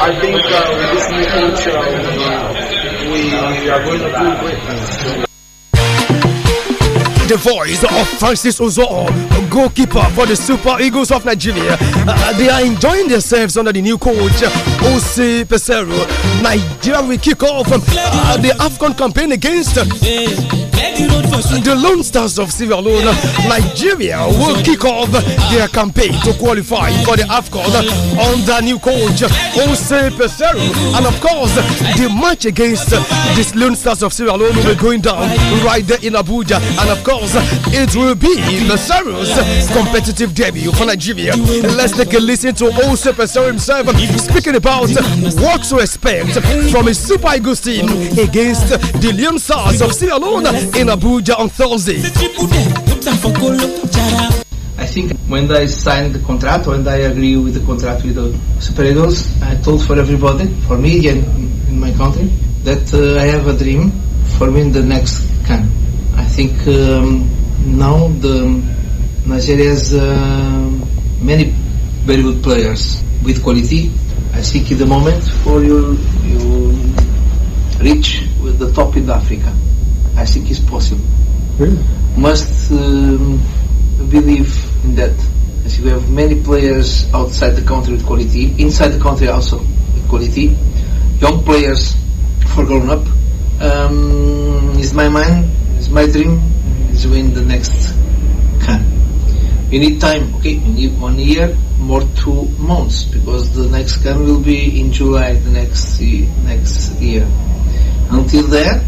I think uh, with this new coach, uh, we, we, are going to do great things the voice of Francis Uzo, goalkeeper for the Super Eagles of Nigeria. Uh, they are enjoying themselves under the new coach, Ose Pesero. Nigeria will kick off uh, the AFCON campaign against. Uh, the Lone Stars of Sierra Leone, Nigeria will kick off their campaign to qualify for the AFCON uh, under new coach Jose Pesero. And of course, the match against uh, the Lone Stars of Sierra Leone will be going down right there in Abuja. And of course, it will be the Saros competitive debut for Nigeria. Let's take a listen to Ose Pesaro himself speaking about what to expect from his Super Eagles team against the Lion Stars of Sierra Leone in Abuja on Thursday. I think when I signed the contract, when I agree with the contract with the Super Eagles, I told for everybody, for me and in my country, that uh, I have a dream for me in the next I think um, now the Nigeria has uh, many very good players with quality. I think the moment for you you reach with the top in Africa. I think it's possible. Really? Must um, believe in that. As you have many players outside the country with quality, inside the country also with quality. Young players for grown up. Um, is my mind it's my dream is win the next can. We need time, okay? We need one year, more two months, because the next can will be in July the next next year. Until then,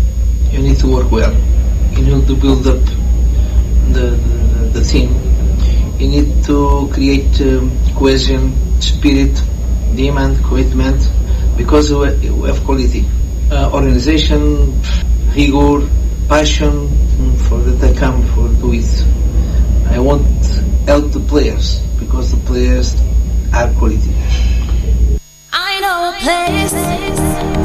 you need to work well. You need to build up the the, the team. You need to create um, cohesion, spirit, demand, commitment, because we have quality. Uh, organization, rigor, passion for that I come for do it. I want help the players because the players are quality. I know a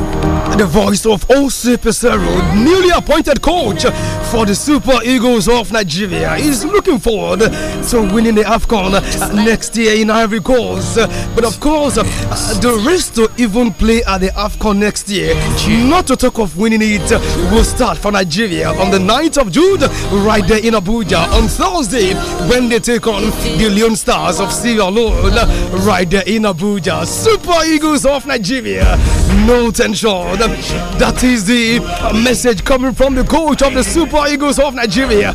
the voice of Osip Pesero, newly appointed coach for the Super Eagles of Nigeria, is looking forward to winning the AFCON next year in Ivory Coast. But of course, the risk to even play at the AFCON next year, not to talk of winning it, will start for Nigeria on the 9th of June, right there in Abuja on Thursday when they take on the Leon Stars of Sierra Leone, right there in Abuja. Super Eagles of Nigeria, no tension that is the message coming from the coach of the Super Eagles of Nigeria.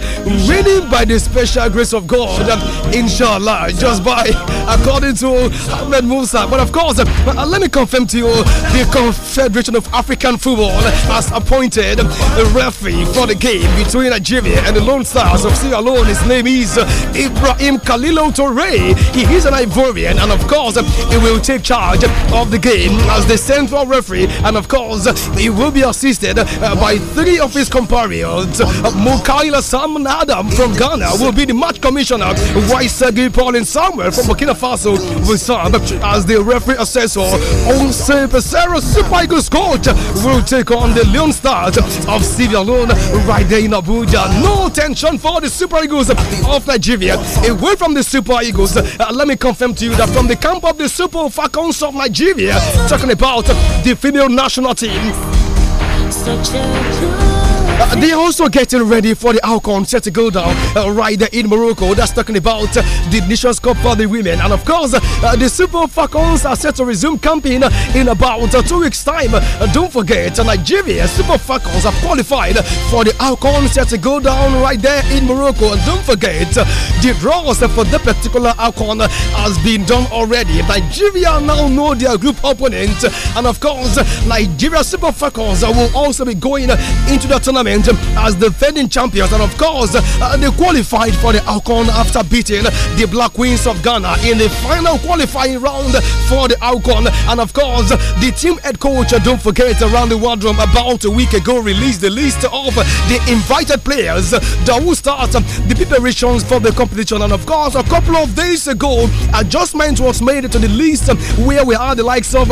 Really, by the special grace of God, that inshallah, just by according to Ahmed Musa. But of course, uh, let me confirm to you the Confederation of African Football has appointed a referee for the game between Nigeria and the Lone Stars of Sierra Leone. His name is uh, Ibrahim Kalilo Toure. He is an Ivorian, and of course, he will take charge of the game as the central referee, and of course, uh, he will be assisted uh, by three of his compatriots. Uh, Mukaila Sam Adam from Ghana will be the match commissioner, while Sergei Paulin Samuel from Burkina Faso will serve as the referee assessor. Onse Pesero Super Eagles coach will take on the lion Stars of Sierra Leone right there in Abuja. No tension for the Super Eagles of Nigeria. Away from the Super Eagles, uh, let me confirm to you that from the camp of the Super Falcons of Nigeria, talking about the female national team dreams. Such a uh, they're also getting ready for the outcome set to go down uh, right there in Morocco. That's talking about uh, the Nations Cup for the women. And of course, uh, the Super Falcons are set to resume camping uh, in about two weeks' time. don't forget, Nigeria Super Falcons are qualified for the outcome set to go down right there in Morocco. And don't forget, the draws for the particular outcome has been done already. Nigeria now know their group opponent. And of course, Nigeria Super Falcons will also be going into the tournament tournament as defending champions. And of course, uh, they qualified for the Alcon after beating the Black Queens of Ghana in the final qualifying round for the Alcon. And of course, the team head coach, uh, don't forget, around the world about a week ago released the list of the invited players that will start the preparations for the competition. And of course, a couple of days ago, adjustment was made to the list where we had the likes of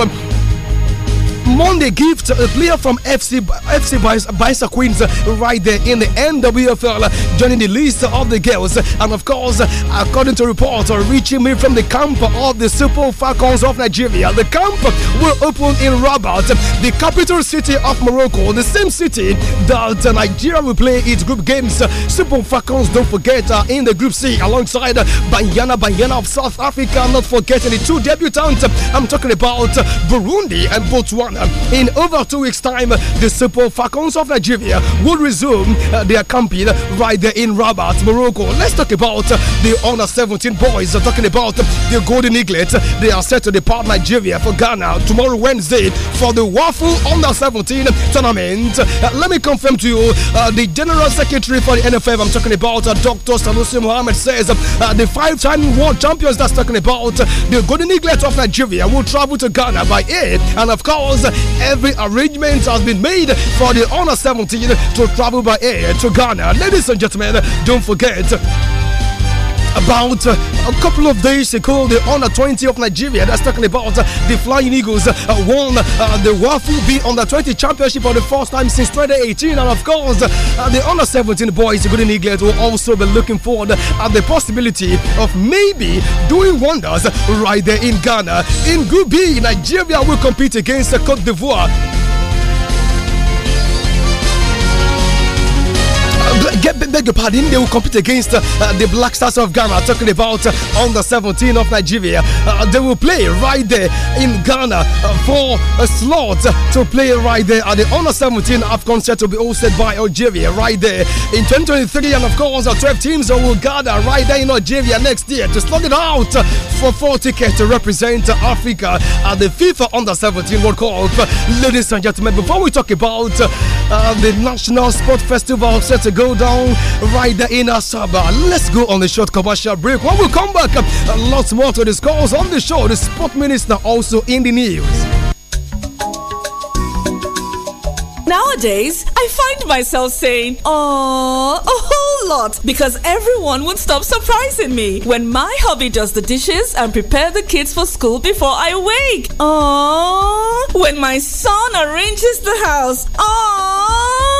Monday gift a uh, player from FC FC Bicer Queens uh, right there in the NWFL uh, joining the list of the girls. And of course, according to reports reaching me from the camp of the Super Falcons of Nigeria, the camp will open in Rabat, the capital city of Morocco, the same city that Nigeria will play its group games. Super Falcons, don't forget, are in the Group C alongside Banyana Banyana of South Africa. Not forgetting the two debutants. I'm talking about Burundi and Botswana. In over two weeks' time, the Super Falcons of Nigeria will resume uh, their campaign right there in Rabat, Morocco. Let's talk about uh, the Honor 17 boys. Talking about the Golden Eaglet. They are set to depart Nigeria for Ghana tomorrow, Wednesday, for the Waffle Under 17 tournament. Uh, let me confirm to you uh, the General Secretary for the NFF, I'm talking about uh, Dr. Salusi Mohammed, says uh, the five time world champions that's talking about the Golden Eaglet of Nigeria will travel to Ghana by air. And of course, Every arrangement has been made for the Honor 17 to travel by air to Ghana. Ladies and gentlemen, don't forget about uh, a couple of days ago, the under 20 of Nigeria. That's talking about uh, the Flying Eagles uh, won the Waffle B under 20 championship for the first time since 2018. And of course, the under 17 boys, Golden Eagles, will also be looking forward at the possibility of maybe doing wonders right there in Ghana. In Group B, Nigeria will compete against Cote d'Ivoire. Get, beg your pardon. They will compete against uh, the Black Stars of Ghana. Talking about on the 17th of Nigeria, uh, they will play right there in Ghana uh, for a slot to play right there at the under 17 AFCON set to be hosted by Algeria right there in 2023. And of course, 12 teams will gather right there in Algeria next year to slot it out for four tickets to represent Africa at the FIFA Under 17 World Cup. Ladies and gentlemen, before we talk about uh, the National Sport Festival set to go slow down right there in Asaba. Let's go on the short commercial break. When we come back, uh, lots more to discuss on the show. The sport minister also in the news. Nowadays, I find myself saying, "Oh, a whole lot because everyone would stop surprising me when my hubby does the dishes and prepare the kids for school before I wake. Oh, when my son arranges the house. Oh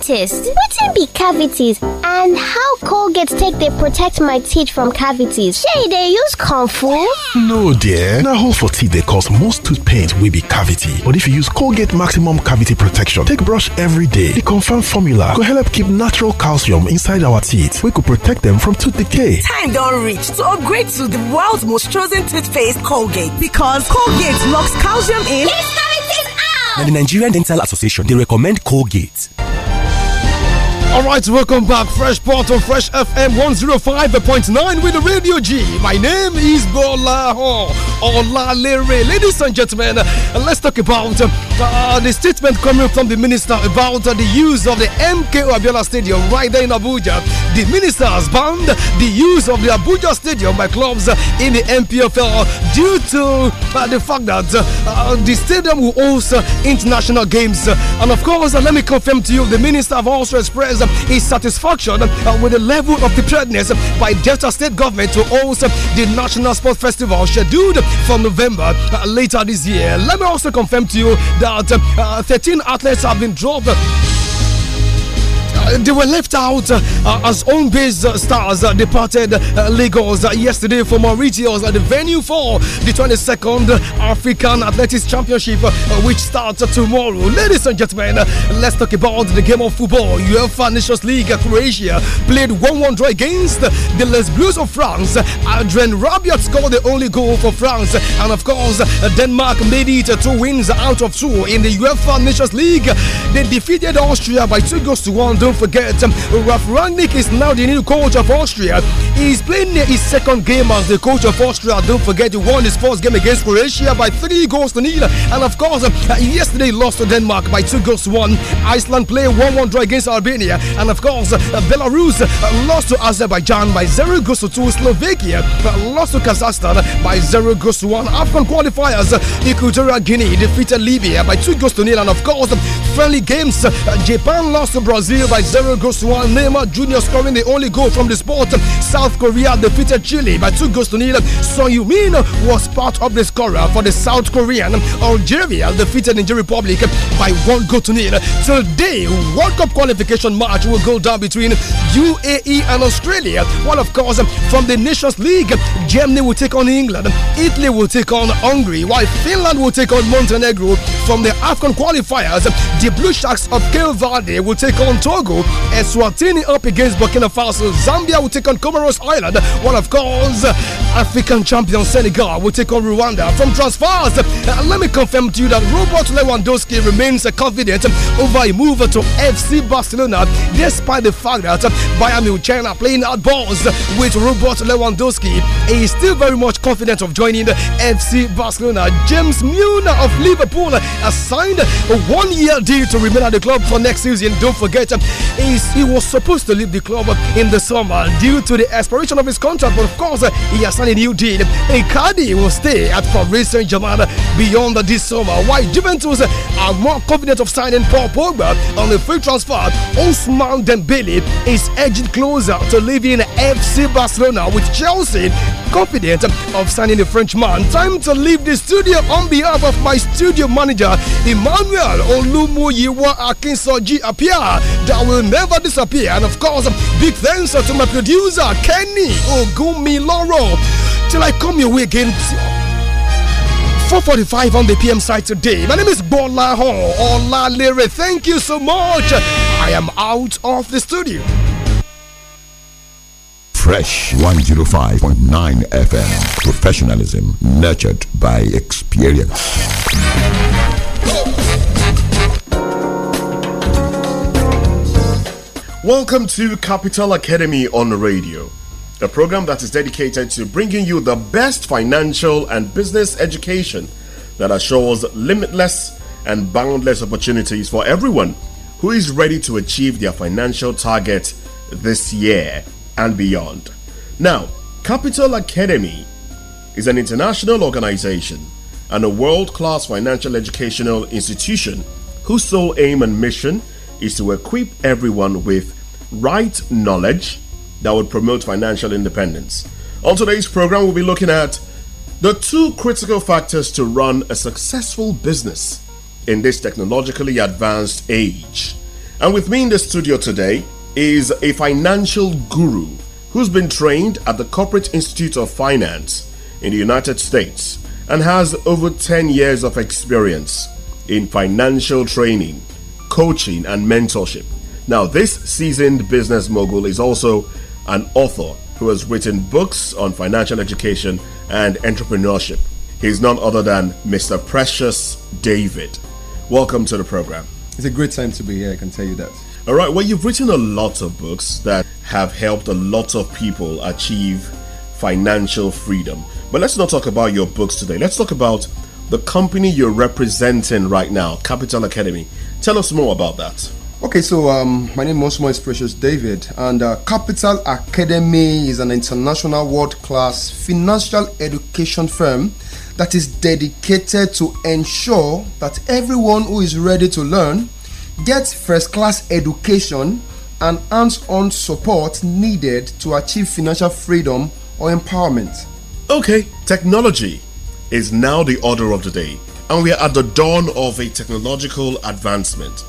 dentist. Wetin be cavities and how Colgate take they protect my teeth from cavities? Say they use comfort? No dear, Now, whole for teeth they cause most tooth pain will be cavity. But if you use Colgate maximum cavity protection take brush every day, the confirmed formula go help keep natural calcium inside our teeth We could protect them from tooth decay. Time don't reach to upgrade to the world's most chosen toothpaste Colgate because Colgate locks calcium in. Now, the Nigerian Dental Association, they recommend Colgate. All right, welcome back. Fresh part on Fresh FM 105.9 with the Radio G. My name is Bola Ho Olalere. Ladies and gentlemen, let's talk about uh, the statement coming from the minister about uh, the use of the MKO Abiola Stadium right there in Abuja. The minister has banned the use of the Abuja Stadium by clubs in the MPFL due to uh, the fact that uh, the stadium will host international games. And of course, uh, let me confirm to you, the minister have also expressed his satisfaction uh, with the level of preparedness by Delta State government to host the National Sports Festival scheduled for November uh, later this year. Let me also confirm to you that uh, 13 athletes have been dropped uh, they were left out uh, uh, as home based stars departed Lagos yesterday for Mauritius at the venue for the 22nd African Athletics Championship, which starts tomorrow. Ladies and gentlemen, let's talk about the game of football. UEFA Nations League Croatia played 1 1 draw against the Les Blues of France. Adrien Rabiot scored the only goal for France, and of course, Denmark made it two wins out of two in the UEFA Nations League. They defeated Austria by two goals to one. Don't forget, um, Ralf Rangnick is now the new coach of Austria. He's playing his second game as the coach of Austria. Don't forget, he won his first game against Croatia by three goals to nil. And of course, uh, yesterday lost to Denmark by two goals to one. Iceland play 1 1 draw against Albania. And of course, uh, Belarus uh, lost to Azerbaijan by 0 goals to 2. Slovakia lost to Kazakhstan by 0 goals to 1. Afghan qualifiers, Equatorial Guinea defeated Libya by 2 goals to nil. And of course, friendly games, Japan lost to Brazil by 0 goes to 1. Neymar Jr. scoring the only goal from the sport. South Korea defeated Chile by 2 goals to nil. So Yumin was part of the scorer for the South Korean. Algeria defeated Nigeria Republic by 1 goal to nil. Today, World Cup qualification match will go down between UAE and Australia. Well, of course, from the Nations League, Germany will take on England, Italy will take on Hungary, while Finland will take on Montenegro. From the AFCON qualifiers, the Blue Sharks of Cape will take on Togo. Morocco, and Swatini up against Burkina Faso. Zambia will take on Comoros Island, One of course African champion Senegal will take on Rwanda. From transfers, uh, let me confirm to you that Robert Lewandowski remains uh, confident over a move to FC Barcelona, despite the fact that Bayern Munich are playing out balls with Robert Lewandowski. He is still very much confident of joining FC Barcelona. James Milner of Liverpool has signed a one-year deal to remain at the club for next season. Don't forget, He's, he was supposed to leave the club in the summer due to the expiration of his contract, but of course, he has signed a new deal. Icardi will stay at Paris Saint Germain beyond this summer, while Juventus are more confident of signing Paul Pogba on a free transfer. Osman Dembele is edging closer to leaving FC Barcelona with Chelsea confident of signing the Frenchman. Time to leave the studio on behalf of my studio manager, Emmanuel Olumuyiwa Akinsoji Apia. That will will never disappear. And of course, big thanks to my producer, Kenny Ogumiloro. Till I come your way again. 4.45 on the PM side today. My name is Bola Ho Olalere. Thank you so much. I am out of the studio. Fresh 105.9 FM. Professionalism nurtured by experience. Welcome to Capital Academy on Radio, a program that is dedicated to bringing you the best financial and business education that assures limitless and boundless opportunities for everyone who is ready to achieve their financial target this year and beyond. Now, Capital Academy is an international organization and a world class financial educational institution whose sole aim and mission is to equip everyone with right knowledge that would promote financial independence. On today's program, we'll be looking at the two critical factors to run a successful business in this technologically advanced age. And with me in the studio today is a financial guru who's been trained at the Corporate Institute of Finance in the United States and has over 10 years of experience in financial training coaching, and mentorship. Now, this seasoned business mogul is also an author who has written books on financial education and entrepreneurship. He's none other than Mr. Precious David. Welcome to the program. It's a great time to be here, I can tell you that. All right, well, you've written a lot of books that have helped a lot of people achieve financial freedom. But let's not talk about your books today. Let's talk about the company you're representing right now, Capital Academy. Tell us more about that. Okay, so um, my name once is Precious David, and uh, Capital Academy is an international world class financial education firm that is dedicated to ensure that everyone who is ready to learn gets first class education and hands on support needed to achieve financial freedom or empowerment. Okay, technology is now the order of the day and we are at the dawn of a technological advancement.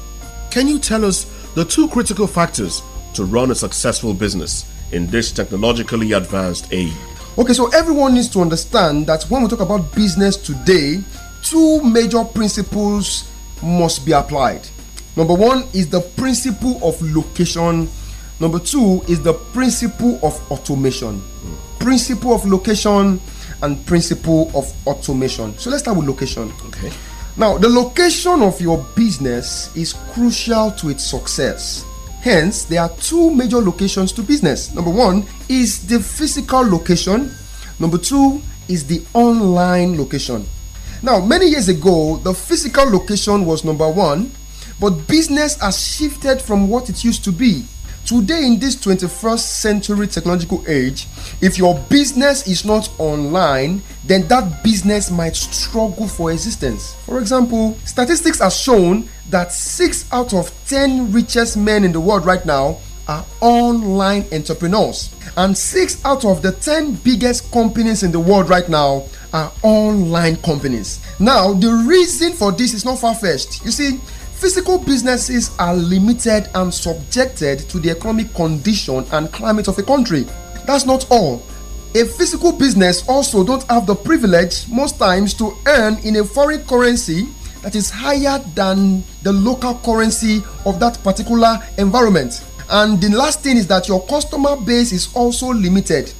Can you tell us the two critical factors to run a successful business in this technologically advanced age? Okay, so everyone needs to understand that when we talk about business today, two major principles must be applied. Number one is the principle of location. Number two is the principle of automation. Hmm. Principle of location and principle of automation. So let's start with location. Okay. Now, the location of your business is crucial to its success. Hence, there are two major locations to business. Number one is the physical location, number two is the online location. Now, many years ago, the physical location was number one, but business has shifted from what it used to be Today, in this 21st century technological age, if your business is not online, then that business might struggle for existence. For example, statistics have shown that 6 out of 10 richest men in the world right now are online entrepreneurs. And 6 out of the 10 biggest companies in the world right now are online companies. Now, the reason for this is not far fetched. You see, Physical businesses are limited and subjected to the economic condition and climate of a country. That's not all. A physical business also don't have the privilege most times to earn in a foreign currency that is higher than the local currency of that particular environment. And the last thing is that your customer base is also limited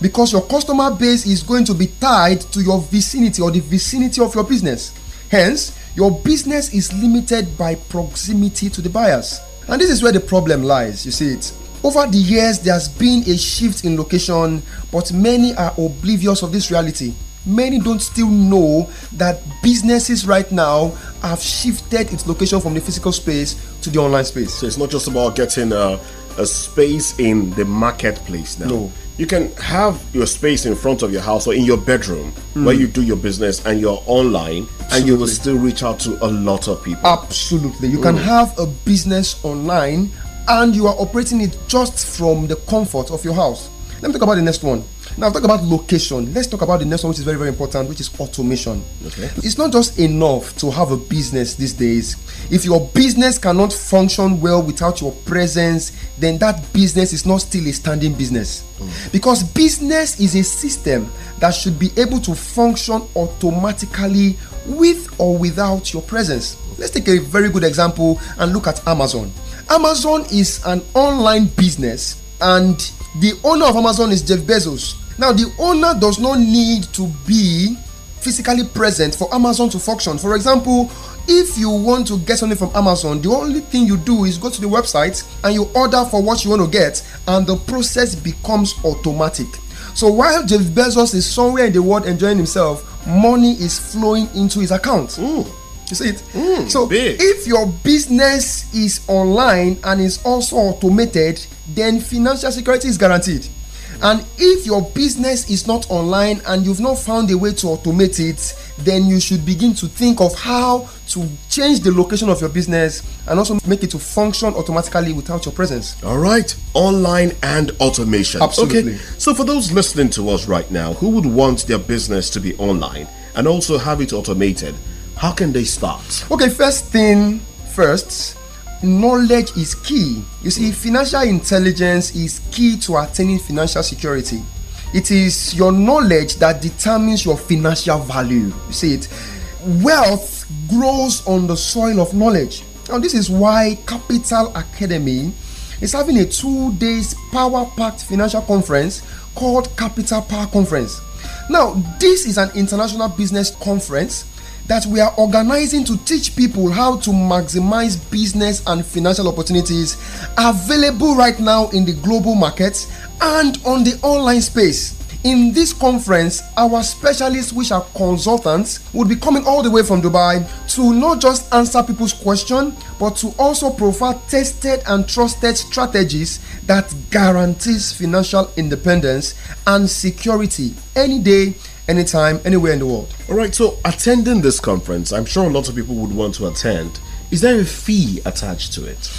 because your customer base is going to be tied to your vicinity or the vicinity of your business. Hence, your business is limited by proximity to the buyers. And this is where the problem lies, you see it. Over the years, there's been a shift in location, but many are oblivious of this reality. Many don't still know that businesses right now have shifted its location from the physical space to the online space. So it's not just about getting uh, a space in the marketplace now. No. You can have your space in front of your house or in your bedroom mm. where you do your business and you're online Absolutely. and you will still reach out to a lot of people. Absolutely. You mm. can hmm. have a business online and you are operating it just from the comfort of your house. Let me talk about the next one now, talk about location. Let's talk about the next one, which is very, very important, which is automation. Okay. It's not just enough to have a business these days. If your business cannot function well without your presence, then that business is not still a standing business. Mm. Because business is a system that should be able to function automatically with or without your presence. Let's take a very good example and look at Amazon. Amazon is an online business, and the owner of Amazon is Jeff Bezos. Now, the owner does not need to be physically present for Amazon to function. For example, if you want to get something from Amazon, the only thing you do is go to the website and you order for what you want to get, and the process becomes automatic. So while Jeff Bezos is somewhere in the world enjoying himself, money is flowing into his account. Mm. You see it? Mm, so big. if your business is online and is also automated, then financial security is guaranteed. And if your business is not online and you've not found a way to automate it, then you should begin to think of how to change the location of your business and also make it to function automatically without your presence. All right, online and automation. Absolutely. Okay. So for those listening to us right now who would want their business to be online and also have it automated, how can they start? Okay, first thing first, knowledge is key. You see, financial intelligence is key to attaining financial security. It is your knowledge that determines your financial value. You see it? Wealth grows on the soil of knowledge. And this is why Capital Academy is having a two days power packed financial conference called Capital Power Conference. Now, this is an international business conference that we are organizing to teach people how to maximize business and financial opportunities available right now in the global markets and on the online space. In this conference, our specialists, which are consultants, would be coming all the way from Dubai to not just answer people's questions, but to also provide tested and trusted strategies that guarantees financial independence and security any day anytime, anywhere in the world. All right, so attending this conference, I'm sure a lot of people would want to attend. Is there a fee attached to it?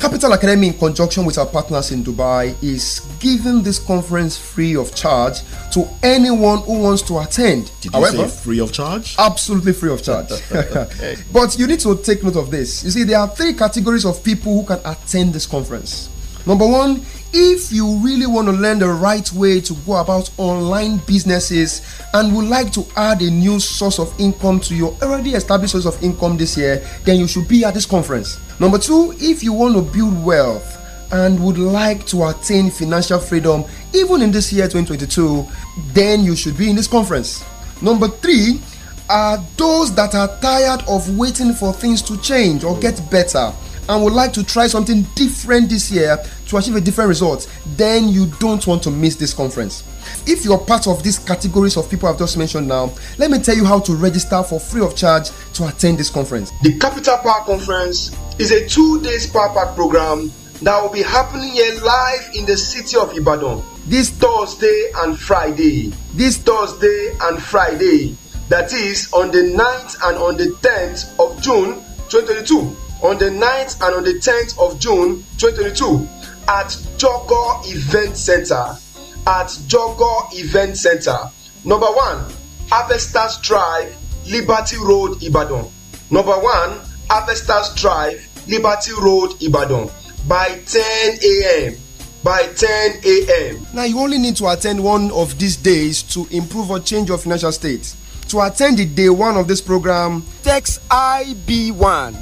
Capital Academy, in conjunction with our partners in Dubai, is giving this conference free of charge to anyone who wants to attend. Did However, free of charge? Absolutely free of charge. [LAUGHS] [LAUGHS] But you need to take note of this. You see, there are three categories of people who can attend this conference. Number one if you really want to learn the right way to go about online businesses and would like to add a new source of income to your already established source of income this year, then you should be at this conference. Number two, if you want to build wealth and would like to attain financial freedom even in this year 2022, then you should be in this conference. Number three, are those that are tired of waiting for things to change or get better and would like to try something different this year, to achieve a different result, then you don't want to miss this conference. If you're part of these categories of people I've just mentioned now, let me tell you how to register for free of charge to attend this conference. The Capital Power Conference is a two days power pack program that will be happening here live in the city of Ibadan this Thursday and Friday. This Thursday and Friday, that is on the 9th and on the 10th of June 2022. On the 9th and on the 10th of June 2022 at Jogo Event Center. At Jogo Event Center. Number one, Harvesters Drive, Liberty Road, Ibadan. Number one, Harvesters Drive, Liberty Road, Ibadan. By 10 a.m. by 10 a.m. Now you only need to attend one of these days to improve or change your financial state. To attend the day one of this program, text IB1,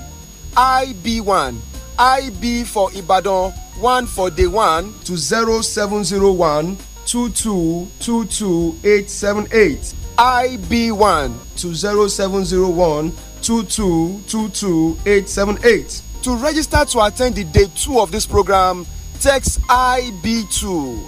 IB1, IB for Ibadan one for day one to zero seven zero one two two two two eight seven eight ib one to zero seven zero one two two two two eight seven eight. To register to attend the day two of this program, text ib two,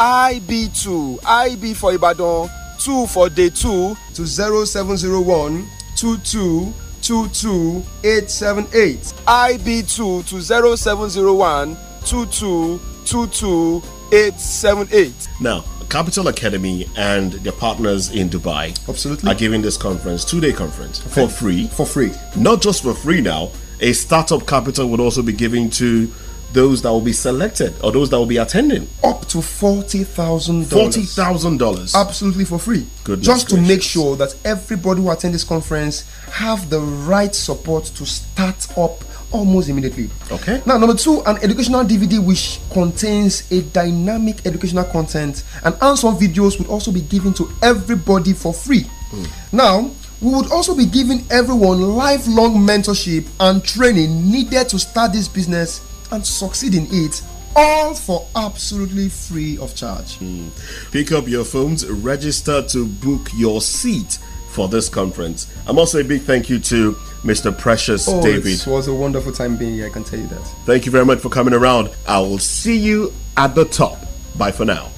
ib two, IB for Ibadan, two for day two to zero zero seven one two two two two eight seven eight. ib two to zero zero seven one. 2222878. Now, Capital Academy and their partners in Dubai absolutely are giving this conference two-day conference for free. For free, not just for free now. A startup capital would also be giving to those that will be selected or those that will be attending up to forty thousand dollars. Forty thousand dollars, absolutely for free. Goodness just gracious. to make sure that everybody who attend this conference have the right support to start up almost immediately. Okay. Now, number two, an educational DVD which contains a dynamic educational content and answer videos would also be given to everybody for free. Mm. Now, we would also be giving everyone lifelong mentorship and training needed to start this business and succeed in it all for absolutely free of charge. Mm. Pick up your phones, register to book your seat for this conference. I'm also a big thank you to Mr. Precious oh, David. It was a wonderful time being here, I can tell you that. Thank you very much for coming around. I will see you at the top. Bye for now.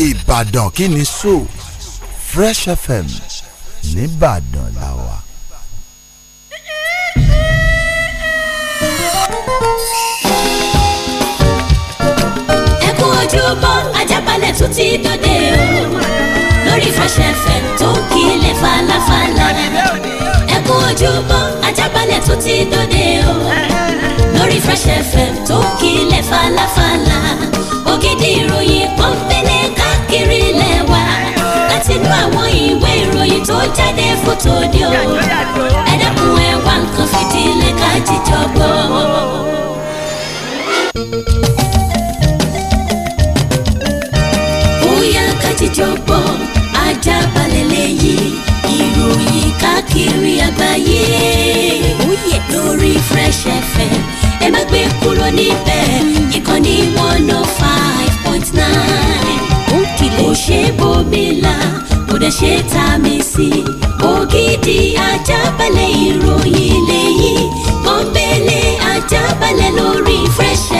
Ìbàdàn kí ni so Fresh FM nìbàdàn la wà. Ẹ kú ojúbọ balẹ̀ tó ti dòde o lórí Fresh FM tó ń kílẹ̀ falafala ẹ kú ojúmọ́ ajábalẹ̀ tó ti dòde o lórí Fresh FM tó ń kílẹ̀ falafala ògidì ìròyìn pọ́npẹ́lẹ́ káàkiri lẹ́wà láti inú àwọn ìwé ìròyìn tó jáde fótó ni o ẹ dẹ́kun nǹkan fìdílé ká jíjọ gbọ́. ìjọ̀gbọ̀n ajábalẹ̀ lẹ́yìn ìròyìn káàkiri àgbáyé oh lórí Fresh FM ẹ má gbé kúrò níbẹ̀ ìkànnì one oh five point nine kò ṣe bòmílà kò dẹ̀ ṣe tá a sí ògidì ajábalẹ̀ ìròyìn lẹ́yìn pọ́npẹ́lẹ́ ajábalẹ̀ lórí Fresh FM.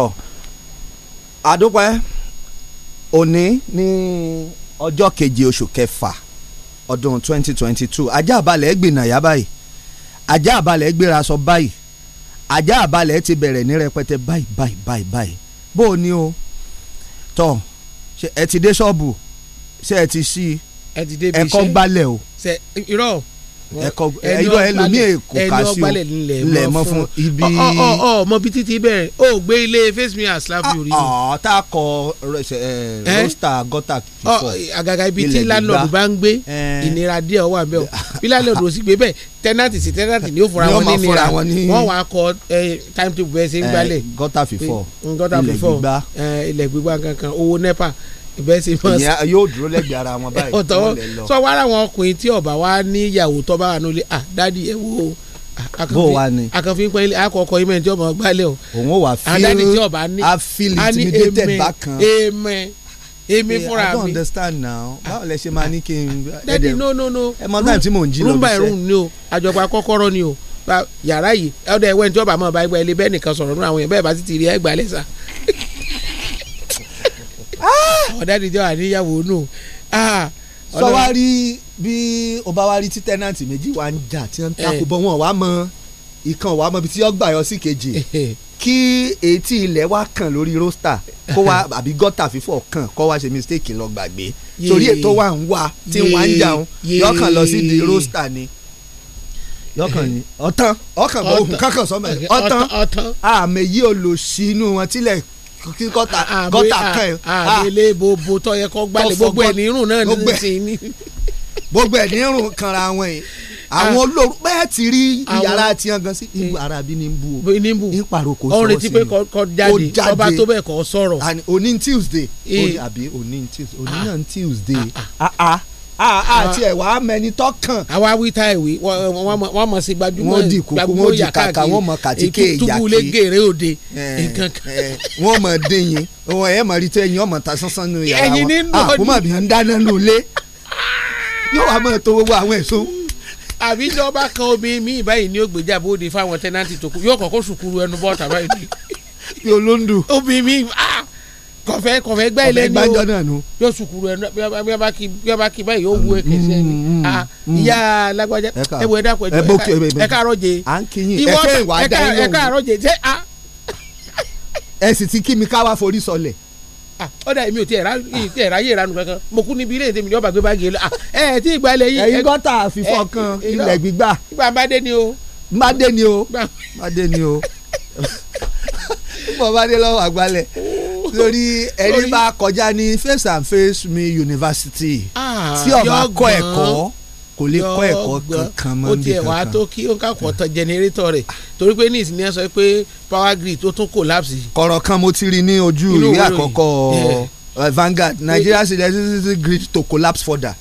tọ̀ àdúpẹ́ òní ní ọjọ́ keje oṣù kẹfà ọdún 2022 ajá àbálẹ̀ gbìnàyà báyìí ajá àbálẹ̀ gbéra sọ báyìí ajá àbálẹ̀ ti bẹ̀rẹ̀ ní rẹpẹtẹ báyìí báyìí báyìí báyìí bó o ní o tọ̀ ẹ ti dé ṣọ́ọ̀bù ṣé ẹ ti ṣí i ẹ kọ́ gbálẹ̀ o. irọ́ ẹkọ ẹyọ ẹlòmíì èkó kásíò lẹ mọ fún ibi. ọ ọ ọ mọ bí títí bẹ̀rẹ̀ ó gbé ilé face me as laugh you rí. ọ ah, ah, tá a kọ rosta gọta. ọ àgàgà ibi tí landlord bá ń gbé ìnira díẹ̀ wà bẹ́ẹ̀ o bí landlord ò sì gbé bẹ́ẹ̀ tẹ́nàtì sí tẹ́nàtì ni ó fura wọn ní nira wọ́n wàá kọ time table bẹ́ẹ̀ ṣe ń gbálẹ̀. gọta fífọ́ ilẹ̀ gbígbá ilẹ̀ gbígbá kankan owó nepa ìbẹ́sẹ̀ mọ́ sí. ìyá yóò dúró lẹ́gbẹ̀ẹ́ ara wọn báyìí wọ́n lè lọ. sọ wá ra ọkùnrin tí ọba wa ní ìyàwó tó bá wà nílé ah dádì ẹ wo bó wa ni akànfin pẹ́ẹ́lí akọkọ imẹ̀ tí ọba gbálẹ̀ o. òun ò wà fíl afil intimidated bákan. amen èmi eh, fúnra mi. i don't understand now ah, báwo lẹ ṣe máa ní kí n. Ah, dádì no no no ẹ mọ tí mò ń jí lọ bí sẹ. àjọpọ̀ akọ́kọ́rọ́ ni o yàrá yìí ọ̀dọ̀ ẹ̀wẹ̀ ní ọba mọ̀ bá ẹgbẹ́ ilé bẹ́ẹ̀ nìkan sọ̀rọ̀ nínú àwọn yẹn bẹ́ẹ̀ bá sì ti rí ẹgbàá lẹ́sà ọ̀dà ìjọ àníyàwó nù. Ah, sọ wá rí bí o bá wá rí tí tẹ́nàntì méjì wá ń jà tí wọ́n ń takò eh. bọ́ wọn wá mọ ìkan wá mọ ibi tí yọ gbà yọ sí kejì eh, eh. kí etí ilẹ̀ wá kàn lórí roster kó wá [LAUGHS] àbí gọ́tà fífọ̀ kàn kó wá ṣe mistake lọ gbàgbé torí ètò wa ń wá tí wọ́n ń jàun yọkàn lọ sí di rosta ni yọkàn ni ọ̀tán ọkàn bọ̀ òkun kankan sọ́mọ́ ẹ̀ ọ̀tán àmì yìí olùsí inú wọn tilẹ̀ kí gọ́tà ah, ah, gọ́tà ah, kan ẹ̀. àbẹ̀lẹ̀ bobo tọ́yẹ kọ́ gbalẹ̀ gbogbo ẹ̀ nírùn náà ní ti ní. gbogbo ẹ̀ nírùn kanra wọn yìí àwọn olóró bẹ́ẹ̀ ti rí yàrá tí wọ́n gan sí ibú eh. ara bí ní bú o ní bú ní paroko sọ̀rọ̀ sí i ọ̀rẹ́ ti pé kọ́ jáde ọba tó bẹ́ẹ̀ kọ́ sọ̀rọ̀. òní Tuesday eh. àbí òní Tuesday òní náà Tuesday àti ah. ẹ̀wà amẹni tọkàn. àwa wí tá ìwé wọ́n mọ̀ sí gbajúmọ̀ wọ́n di kúkú wọ́n di kàkà wọ́n mọ̀ kàtíkè ìyàkí túbú lé gèrè òde nǹkan kan. wọ́n mọ̀ dẹ́yìn ẹ̀ mọ̀ rí tẹ́ ẹ̀yìn ọmọ ta sánsán nù yàrá wọn àkómọ̀ ah, bí wọ́n dáná nù lé yóò wá mọ̀ tó gbogbo àwọn èso àbí ìjọba kan obìnrin mi báyìí ni ó gbèjà bóde fáwọn tẹ́nàntì tó kù yóò kọ́kọ́ sùkúrú ẹnu bọ́ọ̀tà báyìí. yóò ló ń dùn. obìnrin mi ah kọfẹ kọfẹ gbẹ ilé ni o yóò sùkúrú ẹ bí ọba kì bí ọba kì báyìí yóò wu ekesẹ ni a ìyá alágbájá ẹ wọ ẹ dàpọ̀ ẹ káàárọ̀ jẹ ìwọ ẹ káàárọ̀ jẹ ṣé a. Ah. ẹ sì ti kí mi ká wá forí sọlẹ̀. Ah, ó dà èmi ò tiẹ̀ tiẹ̀ ráyè ìranu kankan mo kú níbi ilé èdè mi ní ọba gbé báàgì lọ ah, ẹ ti ìgbà ilẹ̀ yìí. ẹ̀yin gọ́tà àfihàn kan ilẹ̀ gbígbà. ìgbà má ni o. má ni o. má ni o. [LAUGHS] bọ́ọ̀ lórí ẹni bá kọjá ní face and face me university ah, tí ọba kọ ẹ̀kọ́ kò lè kọ ẹ̀kọ́ kankan mọ́ níbi kankan. ó tiẹ̀ wá tó kí ó kàpọ̀ tán jẹnẹrétọ̀ rẹ̀ torí pé ní ìsinmi ẹ sọ pé power grid tó tún collapse. kọ̀rọ̀ kan mo ti rí ní ojú ìwé àkọ́kọ́ eh, Vanguard Nigeria electricity grid to collapse further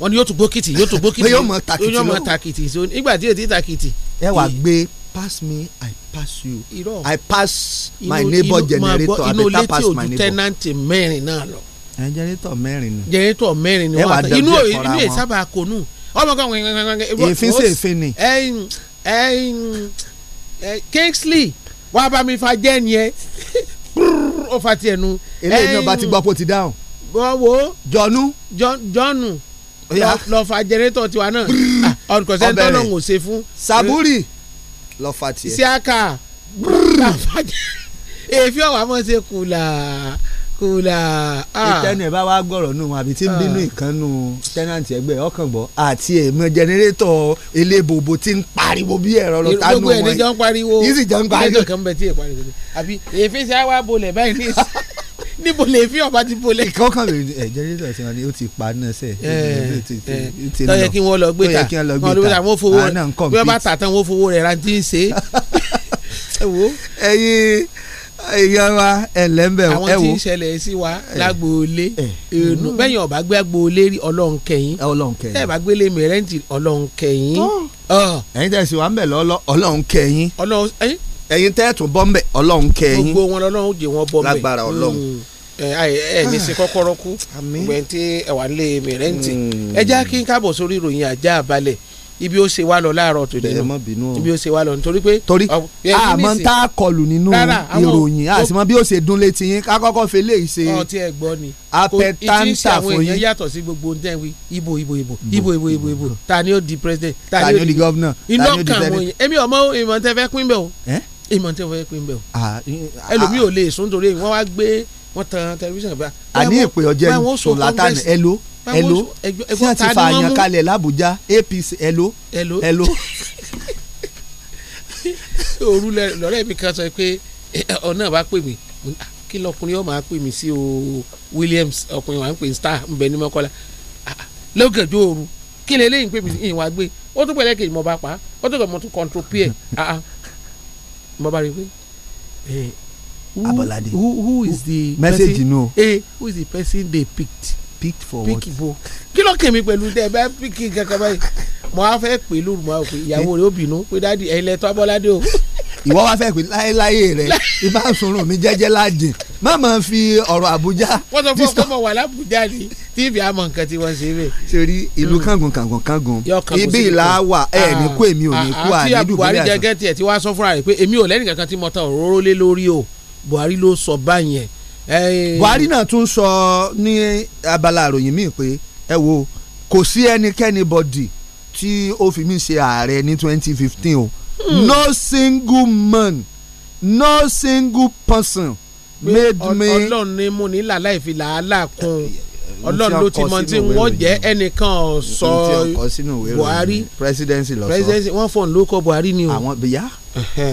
wọ́n ní yóò tún gbókìtì yóò tún gbókìtì [LAUGHS] yóò mọ takìtì yóò mọ takìtì nígbà tí yóò ti takìtì. ẹ wàá gbé pass me i pass you irọ́ i pass my neighbor generator abeta pass my neighbor. inú ilé tí ojú tẹ́nàntì mẹ́rin náà lọ. jẹnẹrétọ̀ mẹ́rin ni. jẹnẹrétọ̀ mẹ́rin ni wọ́n inú inú ẹ̀ sábà konú ọmọ kan wẹ̀ngẹ̀ngẹ̀. èéfín sí èéfín ni. Kingsley wàá bá mi fa jẹ́ ni ẹ ó fa tiẹ̀ nu. eléyìí náà bá ti gbọ́ pé ó ti dáhùn. wọ́n wo. jọ̀nù. jọ̀nù lọ fa jẹnẹrétọ̀ tiwa náà ọ̀nkọ̀sẹ́ńtọ́ náà ń wò ṣe fún. sàbúrì lọ fa tiẹ̀. siaka [LAUGHS] èéfín ọ̀wá mọ̀ ṣe kùlà kùlà. ìtẹ́nu ah. ẹ̀ bá wá gbọ́rọ̀ nù àbí tí ń ah. bínú ìkànnù tẹ́nàntì ẹgbẹ́ ọkàn gbọ́ àti èèmọ̀ jẹnẹrétọ̀ elébobo tí ń pariwo bí ẹ̀rọ lọ tánú wọn. gbogbo ẹ̀ ní jọ ń pariwo yìí jọ ń pariwo. àbí èéfín ṣe wá bolẹ̀ báyìí ní ìsìn. [LAUGHS] níbo lè fi ọba ti bolẹ̀. kọ́kàn lè ẹ jẹrẹtọ̀ eh, tí wọn ni ó ti pa náà sẹ̀. Eh, tọ́yẹ eh, kí wọ́n lọ gbé ta wọ́n lọ gbé ta wọ́n fowó ah, bí wọ́n bá tà tán wọ́n fowó rẹ̀ ra ti ń ṣe. [LAUGHS] ẹyin èèyàn wa ẹlẹ́mbẹ̀ ẹ̀wò. àwọn tí ń ṣẹlẹ̀ sí wa lágbóolé inú mm. bẹ́yìn ọ̀bá gbé agbóolé rí ọlọ́run kẹ́yìn ọlọ́run kẹ́yìn tẹ́ẹ̀ bá gbélé mi rẹ́ǹtì ọlọ́run kẹ́yìn. Ah. ẹ̀yin tẹ̀sí wa ń bẹ̀ lọ́lọ́ ọlọ́run kẹ́yìn. ọlọ́run ẹ̀yin ẹ̀yin tẹ́ẹ̀tún bọ́m̀bẹ̀ ọlọ́run kẹ́yìn gbogbo wọn lọ́lọ́run jẹ́ wọn bọ́m̀bẹ̀ lágbára ọlọ́run mm. ẹ ní sí kọ́kọ́rọ́ kú gbẹ̀ntì ẹ̀wà nílé mi rẹ́ǹtì mm. ẹ já kí n káàbọ̀ sórí ìròyìn àjá àbálẹ̀ ibi ó ṣe wá lọ láàárọ̀ tòde nù ibi ó ṣe wá lọ nítorí pé. torí àmọ́ ń tá a kọlù nínú ìròyìn àti mọ bí ó ṣe dún létí yín kákọ́kọ́ fi léyìí ṣe. ọtí ẹ gbọ́ ni apẹtanta fún yín. ìtí àwọn èèyàn yàtọ̀ sí gbogbo ohun tẹ́wé ìbò ìbò ìbò ìbò ìbò ìbò ìbò ta ni ó di president ta ni ó di governor ta ni ó di senate. inú ọkàn àwọn èèyàn èmi ọmọ ìmọ̀ pín bẹ́ẹ̀ o ìmọ̀ tí wọ́n fẹ́ pín bẹ́ẹ̀ o ẹlòmíì ò lè sùn torí wọ́n wá gbé wọ́n tan tẹlifíṣàn bá. àní ìpè ọjẹ́ sùn látàn ẹ̀lò ẹ̀lò tí wọ́n ti fa àyàn kalẹ̀ làbújá APC ẹ̀lò ẹ̀lò. òru lọ́rẹ́ mi kan sọ pé ọ̀nà bá pè mí kí lọkùnrin ọmọ á pè mí sí o Williams ọkùnrin wa ń pè star nbẹ ní mọ́kọ́lá lọ́gàdó òru kí lè léyìn pé mi ìwà gbé ó tún pẹ̀lẹ́ kejì mọ́ bá pa ó tún kọ̀ mọ́ tún control pa mo bá rí i pé eh, Abolade who, who is the message person, you eh, who is the person they picked picked for what pick bo kí ló kèmí pẹ̀lú tẹ ẹ kankan báyìí mo á fẹ́ pè lóru mo á pè ìyàwó rẹ̀ ó bínú pé dáàdi ẹ̀yin lẹ́tọ́ Abolade o ìwọ wá fẹ́ pé láéláé rẹ ibà sunrun mi jẹ́jẹ́ láàjìn má máa fi ọ̀rọ̀ Àbújá. wọ́n sọ fún ọkọ wà lábújá ni tíìbì àmọ́ nǹkan tí wọ́n ṣe bẹ́ẹ̀. sori ìlú hmm. kángun kángun kángun ibi ìlà wà ẹ ní ah, kó èmi ò ní ah, kú ah, àní dùbúlẹ̀ àti. àti Buhari jẹ́gẹ́ tiẹ̀ tí wàá sọ fúnra rẹ̀ pé èmi ò lẹ́nìkan kan tí mo ta òróró lé lórí o Buhari ló sọ báyẹn. Buhari náà tún sọ ní abala àròyìn míì pé ẹ wo kò sí ẹnikẹ́ni bọ́dì tí ó fi mí ṣe ààrẹ ní twenty fifteen o. Hmm. No single man, no single person made me. Ọlọ́run ni mo ní làlá ìfi làálàá kun Ọlọ́run ló ti mọ tí wọ́n jẹ́ ẹnìkan sọ Buhari presidency lọ sọ presidency wọ́n fọ̀n ló Buhari ni o. àwọn bìyà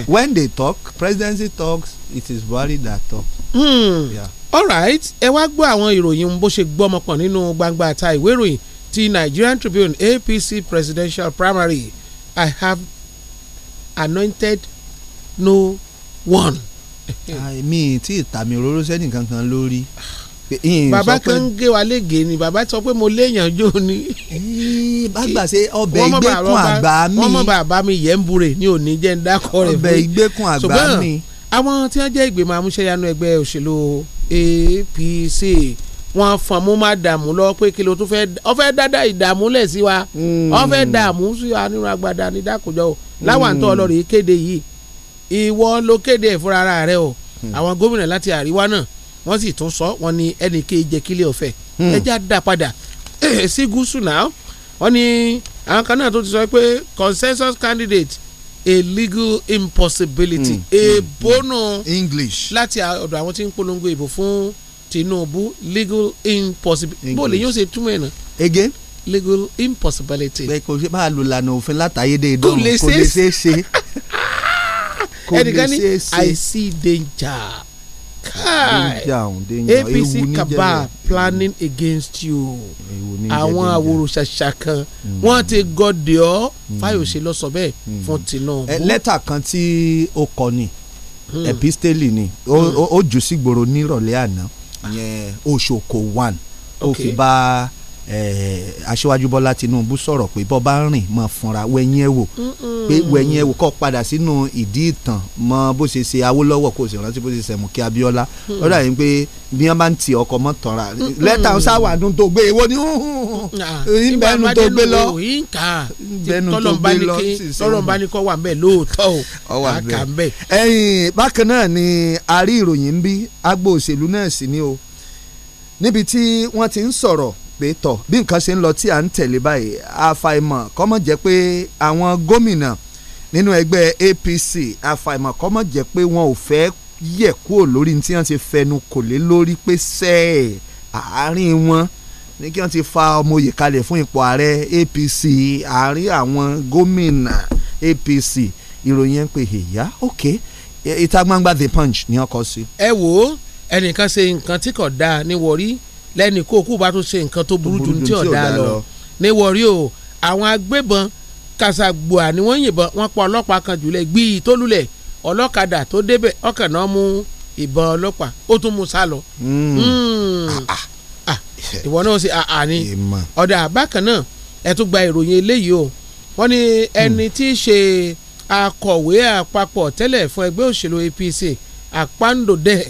when they talk presidency talks it is Buhari that talks. Hmm. Yeah. alright ẹ wá gbọ́ àwọn ìròyìn bó ṣe gbọ́ ọmọkàn nínú gbangba ta ìwé ìròyìn ti Nigerian Tribune APC presidential primary I have anointed no one. Ah, mi tí ìtàmì òróró sẹ́nì kankan lórí. bàbá kan ń gé wa léègé ni bàbá sọ pé mo léèyàn jó ni. bàgbà ṣe ọbẹ̀ ìgbẹ́kùn àgbà mi. wọ́n mọ̀ bàbá mi yẹn ń bure ní òní jẹ́ ń dákọ̀ rẹ̀ fún mi. ọbẹ̀ ìgbẹ́kùn àgbà mi. àwọn tí wọ́n jẹ́ ìgbìmọ̀ amúṣẹ́yanu ẹgbẹ́ òṣèlú APC wọn fọn mú má dààmú lọ pé kí ló tún fẹ́ ọ fẹ́ dáadáa ìdààmú lẹ̀ sí wa ọ hmm. fẹ́ dààmú sí wa nínú agbada ní dákòjọ́ láwàntọ́ hmm. ọlọ́rìí kéde yìí ìwọ ló kéde ẹ̀ fúnra ara rẹ o hmm. àwọn gómìnà láti àríwá náà wọ́n sì tún sọ wọ́n ní ẹnìké ìjẹkílẹ̀ ọ̀fẹ́ hmm. ẹja dá padà [CLEARS THROAT] sí gúúsù náà wọ́n ní àwọn kan náà tó ti sọ pé consensus candidate a legal impossibility èbónú English láti ọ̀dọ̀ àwọn tí ń polongo ìbò fún Tinubu legal impossibility bó lè yóò ṣe túmọ̀ ẹ̀ náà. again legal impossibility. bẹ́ẹ̀ kò ṣe máa lo ìlànà òfin látàyédè ìdánwò kò lè ṣeé ṣe. [LAUGHS] ẹnìkan ní i see danger. Kai, APC cabal planning against you àwọn àwòrán-ṣàṣà kan hmm. wọ́n ti gọ́dẹ̀ ọ́ hmm. Fáyọ̀ṣe lọ sọ bẹ́ẹ̀ hmm. fún Tinubu. lẹ́tà kan tí ó kọ ni epistele ni ó jù sígboro nírọ̀lẹ́ àná yẹn Òṣòkò one ó fi bá. Okay Eh, aṣíwájú bọ́lá tinubu sọ̀rọ̀ pé bọ́ bá rìn mọ́ fúnra wẹ̀yìn ẹ̀ wò pé wẹ̀yìn ẹ̀ wò kọ́ padà sínú ìdí ìtàn mọ́ bó ṣe ṣe awólọ́wọ̀ kò sì rántí bó ṣe ṣẹ̀mú kí abíọ́lá lọ́dà yìí pé bí wọ́n bá ń ti ọkọ̀ mọ́ tọ́ra lẹ́tà ń sáwàdún tó gbé èwo ni ah, ìbẹ́nu tó gbé lọ ìbẹ́nu tó gbé lọ tọ́lọ́mbá ni kọ́ wà bẹ́ẹ̀ lóòótọ́ o àkà bẹ́ẹ̀. ẹyin bákan náà ni a rí ìròyìn ń bí agbóòṣèlú náà sí ni o níbi tí wọ́n ti ń sọ̀rọ̀ pé tọ̀ bí nǹkan ṣe ń lọ tí à ń tẹ̀lé báyìí àfàìmọ̀ kọ́mọ̀ jẹ́ pé àwọn gómìnà nínú ẹgbẹ́ APC àfàìmọ̀ kọ́mọ̀ jẹ́ pé wọn ò fẹ́ yẹ kúrò lórí tí wọ́n ti fẹnu kò lé lórí pé sẹ́ẹ̀ àárín wọn ní kí wọ́n ti fa ọmọye kalẹ̀ fún ipò ààrẹ APC àárín àwọn gómìnà APC ìròyìn ẹ̀ ń pè èyá ok ìta gbangba The Punch ni wọ́n kọ sí. ẹ wo ẹnìkan ṣe nǹkan tí kò dáa ní wọrí lẹ́ni kó kú bá tún ṣe nǹkan tó burú jù tí ọ̀dà lọ ní wọ̀rí o àwọn agbébọn kàṣàgbòà ni wọ́n yìnbọn wọ́n pa ọlọ́pàá kan jùlẹ̀ gbíì tó lulẹ̀ ọlọ́kadà tó débẹ̀ ọkàn náà mú ìbọn ọlọ́pàá ó tún mú sá lọ. Hmm. Hmm. Ah, ah, ah, ìwọ náà ṣe àní ọ̀dà bákan náà ẹ tún gba ìròyìn eléyìí o wọ́n ní ẹni hmm. tí í ṣe akọ̀wé àpapọ̀ tẹ́lẹ̀ fún ẹgbẹ́ òṣèlú APC àpáǹdòdẹ́ẹ̀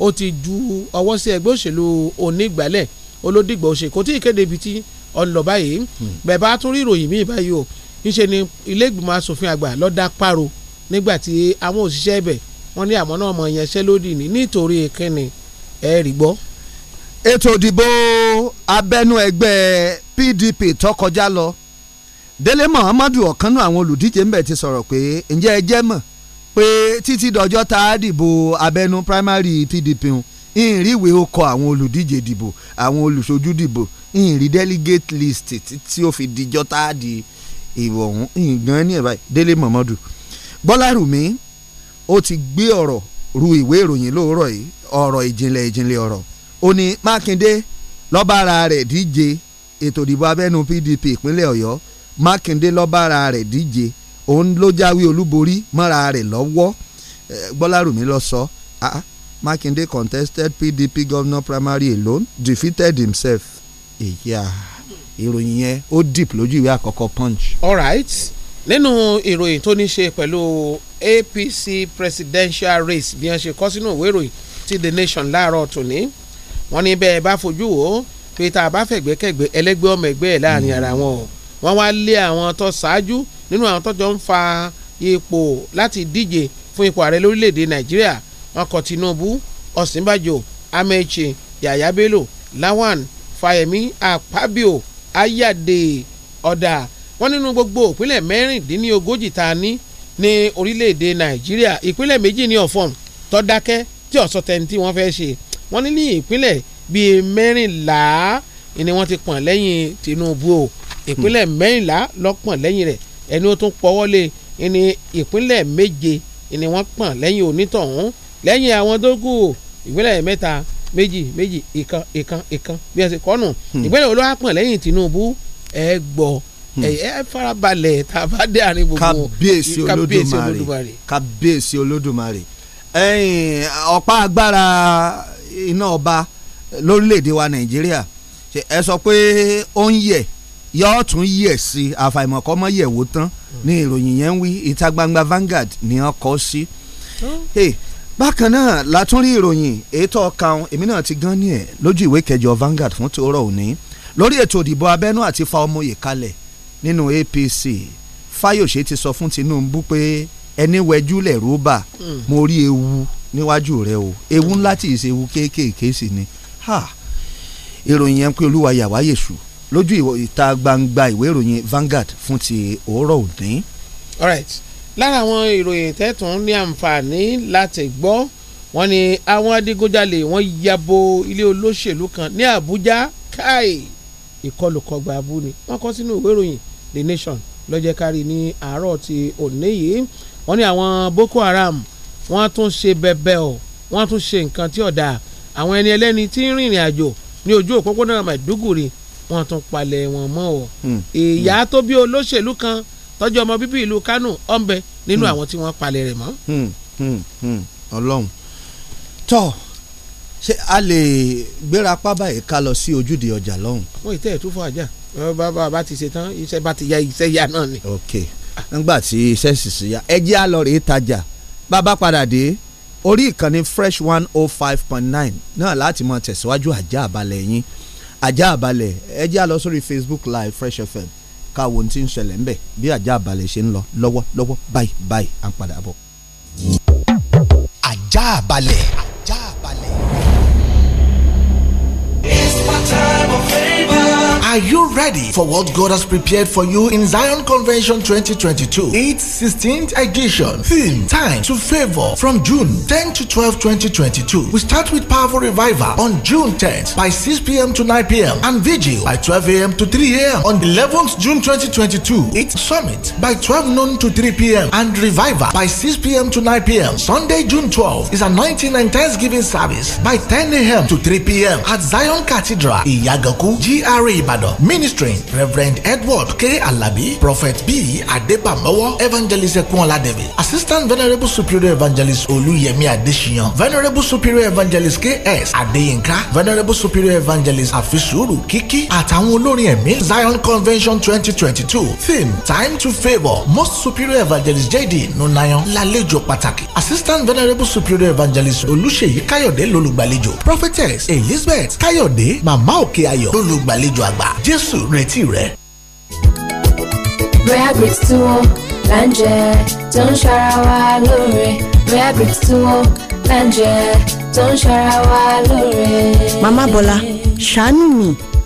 ó ti ju ọwọ́ sí ẹgbẹ́ òṣèlú onígbàlẹ̀ olódìgbò òṣèlú kò tí ì kéde ibi tí ọ̀nlọ̀ báyìí hmm. bẹ́ẹ̀ bá tún rí ìròyìn míì báyìí o ńṣe ni ilé ìgbìmọ̀ asòfin àgbà lọ́dá páro nígbà tí àwọn òṣìṣẹ́ ibẹ̀ wọ́n ní àmọ́ náà mọ̀ ìyẹnṣẹ́ lódì ní nítorí kínni ẹ rí gbọ́. ètò ìdìbò abẹ́nú ẹgbẹ́ PDP tó kọjá lọ Délé Muhammadu ọ̀kanú àwọn olùdíje ńbẹ̀ ti sọ̀rọ̀ pé ǹjẹ́ ẹ jẹ́ mọ̀ pé títí dọjọ́ tá a dìbò abẹ́nú primary PDP ìrìwé ó kọ àwọn olùdíje dìbò àwọn olùṣojú dìbò ìrì delegate list tí ó fi dijọ́ tá a di ìwọ̀ ọ̀hún ìgbọ́n ní ẹ̀bá Délé Mọ̀mọ́dù Bọ́lárùmí ó ti gbé ọ̀rọ̀ ru ìwé ìròyìn lóòrọ̀ yìí ọ̀rọ̀ ìjìnlẹ̀ ìjìnlẹ̀ ọ̀rọ̀ ó ní Mákindé lọ́bàrà rẹ̀ díje ètò ìdìbò abẹ́nú PDP ìpínlẹ̀ Ọ̀yọ́ Mákindé lọ́bàrà rẹ̀ díje òun ló jáwé olúborí mọ́ra rẹ̀ lọ́wọ́ gbọ́lárùmí lọ sọ ah, ah, Makinde contested PDP governor primary alone defeated himself ìròyìn yẹn ó deep lójú ìwé àkọ́kọ́ punch. all right nínú ìròyìn tó ní ṣe pẹ̀lú APC presidential race bí wọ́n ṣe kọ́ sínú ìwé ìròyìn ti the nation láàárọ̀ tòní wọ́n ní bẹ́ẹ̀ bá fojú wò Peter abáfẹ̀gbẹ́kẹ̀gbẹ́ ẹlẹ́gbẹ́ ọmọ ẹgbẹ́ ẹ̀ láàrin ara wọn o wọ́n wá lé àwọn tó ṣáájú nínú àwọn tọ́jọ́ ń fa ipò láti díje fún ipò ààrẹ lórílẹ̀‐èdè nàìjíríà wọn tinubu ọ̀sínbàjò amaechi yàyà bello lawan fáyẹmí àpábíò ayáde ọ̀dà wọn nínú gbogbo ìpínlẹ̀ mẹ́rìndínlógójì tá a ní ní orílẹ̀‐èdè nàìjíríà ìpínlẹ̀ méjì ní ọ̀fọ̀n tó dákẹ́ tí ọ̀sọ̀ tẹ̀ ní tí wọ́n fẹ́ ṣe wọ́n ní ní ìpínlẹ̀ bíi mẹ́rìnlá ni wọ́n ti pọ̀n lẹ́yìn tinubu o ìpínlẹ̀ mẹ́rìnlá ló lẹ́yìn rẹ̀ ẹni ó tún pọwọ́lé ní ìpínlẹ̀ méje ni wọ́n pọ̀n lẹ́yìn onítọ̀hún lẹ́yìn àwọn tó kù ìpínlẹ̀ mẹ́ta méjì méjì ìkan ìkan ìkan bí ẹ ṣe kọ́nù hmm. ìpínlẹ̀ olówó pọ̀n lẹ́yìn Tinubu ẹ gbọ́ hmm. ẹ farabalẹ̀ tá a bá dé àárín gbogbo kábíyèsí olódùmarè kábíyèsí olódùmarè ọ̀pá agbára iná ọba lórílẹ̀‐èdè wa Nàìjíríà ẹ sọ pé ó ń yẹ̀ yóò tún yẹ̀ sí àfàìmọ̀kọ́mọ́ yẹ̀wò tán ni ìròyìn yẹn ń wí ìta gbangba Vanguard ni wọ́n kọ́ sí. bákan náà látún rí ìròyìn ètò ọ̀kan èmi náà ti gan ní ẹ̀ lójú ìwé kẹjọ Vanguard fún tòórọ̀ òní lórí ètò ìdìbò abẹ́nú àti fa ọmọye kalẹ̀ nínú APC Fáyòsé ti sọ fún Tinubu pé ẹni wẹjúlẹ̀ rọ́bà mo rí ewu níwájú rẹ o ewu ńlá tí ì ṣe ewu kéékèèké sí ni ìròyìn yẹn pé olúwa yàwá yèṣù lójú ìta gbangba ìwé ìròyìn Vanguard fún ti òórọ̀ òní. alright lára àwọn ìròyìn tẹ́tùn ní àǹfààní láti gbọ́ wọn ni àwọn adigunjalè wọ́n ya bo ilé olóṣèlú kan ní Àbújá káì ìkọlù kọgbà abú ni wọ́n kọ sínú ìwé ìròyìn The Nation lọ́jẹ́ kárí ní àárọ̀ ti òní yìí wọ́n ní àwọn Boko Haram wọ́n tún ṣe bẹ́bẹ́ ọ̀ wọ́n tún ṣe nǹkan tí ọ̀dà àwọn ẹni ẹlẹ́ni tí ń rìnrìn àjò ní ojú òpópónà Maiduguri wọ́n tún palẹ̀ wọn mọ́ ọ. Hmm. ìyá hmm. tó bí olóṣèlú kan tọ́jú ọmọ bíbí ìlú Kánò ọ̀nbẹ nínú hmm. àwọn tí wọ́n palẹ̀ rẹ̀ mọ́. Ọlọ́run tọ́ ṣé a lè gbéra pábà yìí ká lọ sí ojúde ọjà lọ́hùn. wọ́n ì tẹ́ ẹ̀ tún fún àjà bàbá bá ti ṣe tán iṣẹ́ bá ti ya iṣẹ́ ya náà ni. ok nígbà tí iṣẹ́ sì sí ya ẹ jẹ́ àlọ́ rèé tajà bàbá padà dé orí ìkànnì fresh one oh five point nine náà láti mọ tẹ̀síwájú àjà àbálẹ̀ yín ajá àbálẹ̀ ẹ jẹ́ àlọ́ sórí Facebook live Fresh FM káwọn tí ń ṣẹlẹ̀ ńbẹ̀ bí ajá àbálẹ̀ ṣe ń lọ lọ́wọ́ lọ́wọ́ báyìí báyìí à ń padà bọ̀. ajá àbálẹ̀. ajá àbálẹ̀. Are you ready for what God has prepared for you in Zion Convention 2022? its 16th edition. Theme, time to favor from June 10 to 12, 2022. We start with Powerful Revival on June 10th by 6 p.m. to 9 p.m. and Vigil by 12 a.m. to 3 a.m. On 11th June 2022, it's Summit by 12 noon to 3 p.m. and Revival by 6 p.m. to 9 p.m. Sunday, June 12th is anointing and Thanksgiving service by 10 a.m. to 3 p.m. at Zion Cathedral, Iyagaku, GRA, Ibadan. Ibadan ministering Reverend Edward K. Alabi Prophet B. Adebamowo Evangelist Ekunola David Assistant Venerable Superior Evangelist Oluyemi Adesina Venerable Superior Evangelist K.S. Adeyinka Venerable Superior Evangelist Afisuru Kiki àtàwọn olórin ẹ̀mí Zion Convention twenty twenty two theme time to favour most superior evangelist J.D. Nunayan lálejò pàtàkì assistant venerable superior evangelist Olúṣèyí Káyọ̀dé lolùgbàlejò prophetess Elizabeth Káyọ̀dé Màmá Òkè Ayọ̀ lolùgbàlejò àgbà gbà jésù retí rẹ. Bóyá grits tí wọ́n là ń jẹ tó ń ṣara wa lóore bóyá grits tí wọ́n là ń jẹ tó ń ṣara wa lóore. Màmá Bọ́lá ṣàánú mi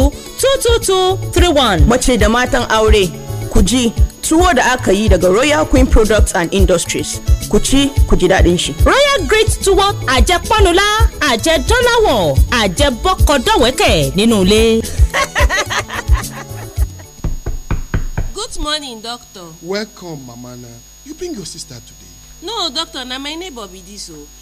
222 Mace da matan aure, ku ji tuwo da aka yi daga Royal Queen Products and Industries. Ku ci, ku ji daɗin shi. Royal Great Tuwo àjẹ pọ́nulá, àjẹ dọ́làwọ̀, àjẹ bọ́kọ dọ̀wẹ́kẹ̀ nínú ilé. [LAUGHS] Good morning, doctor. Welcome, Mamana. You bring your sister today. No, doctor, na my neighbor be this Oh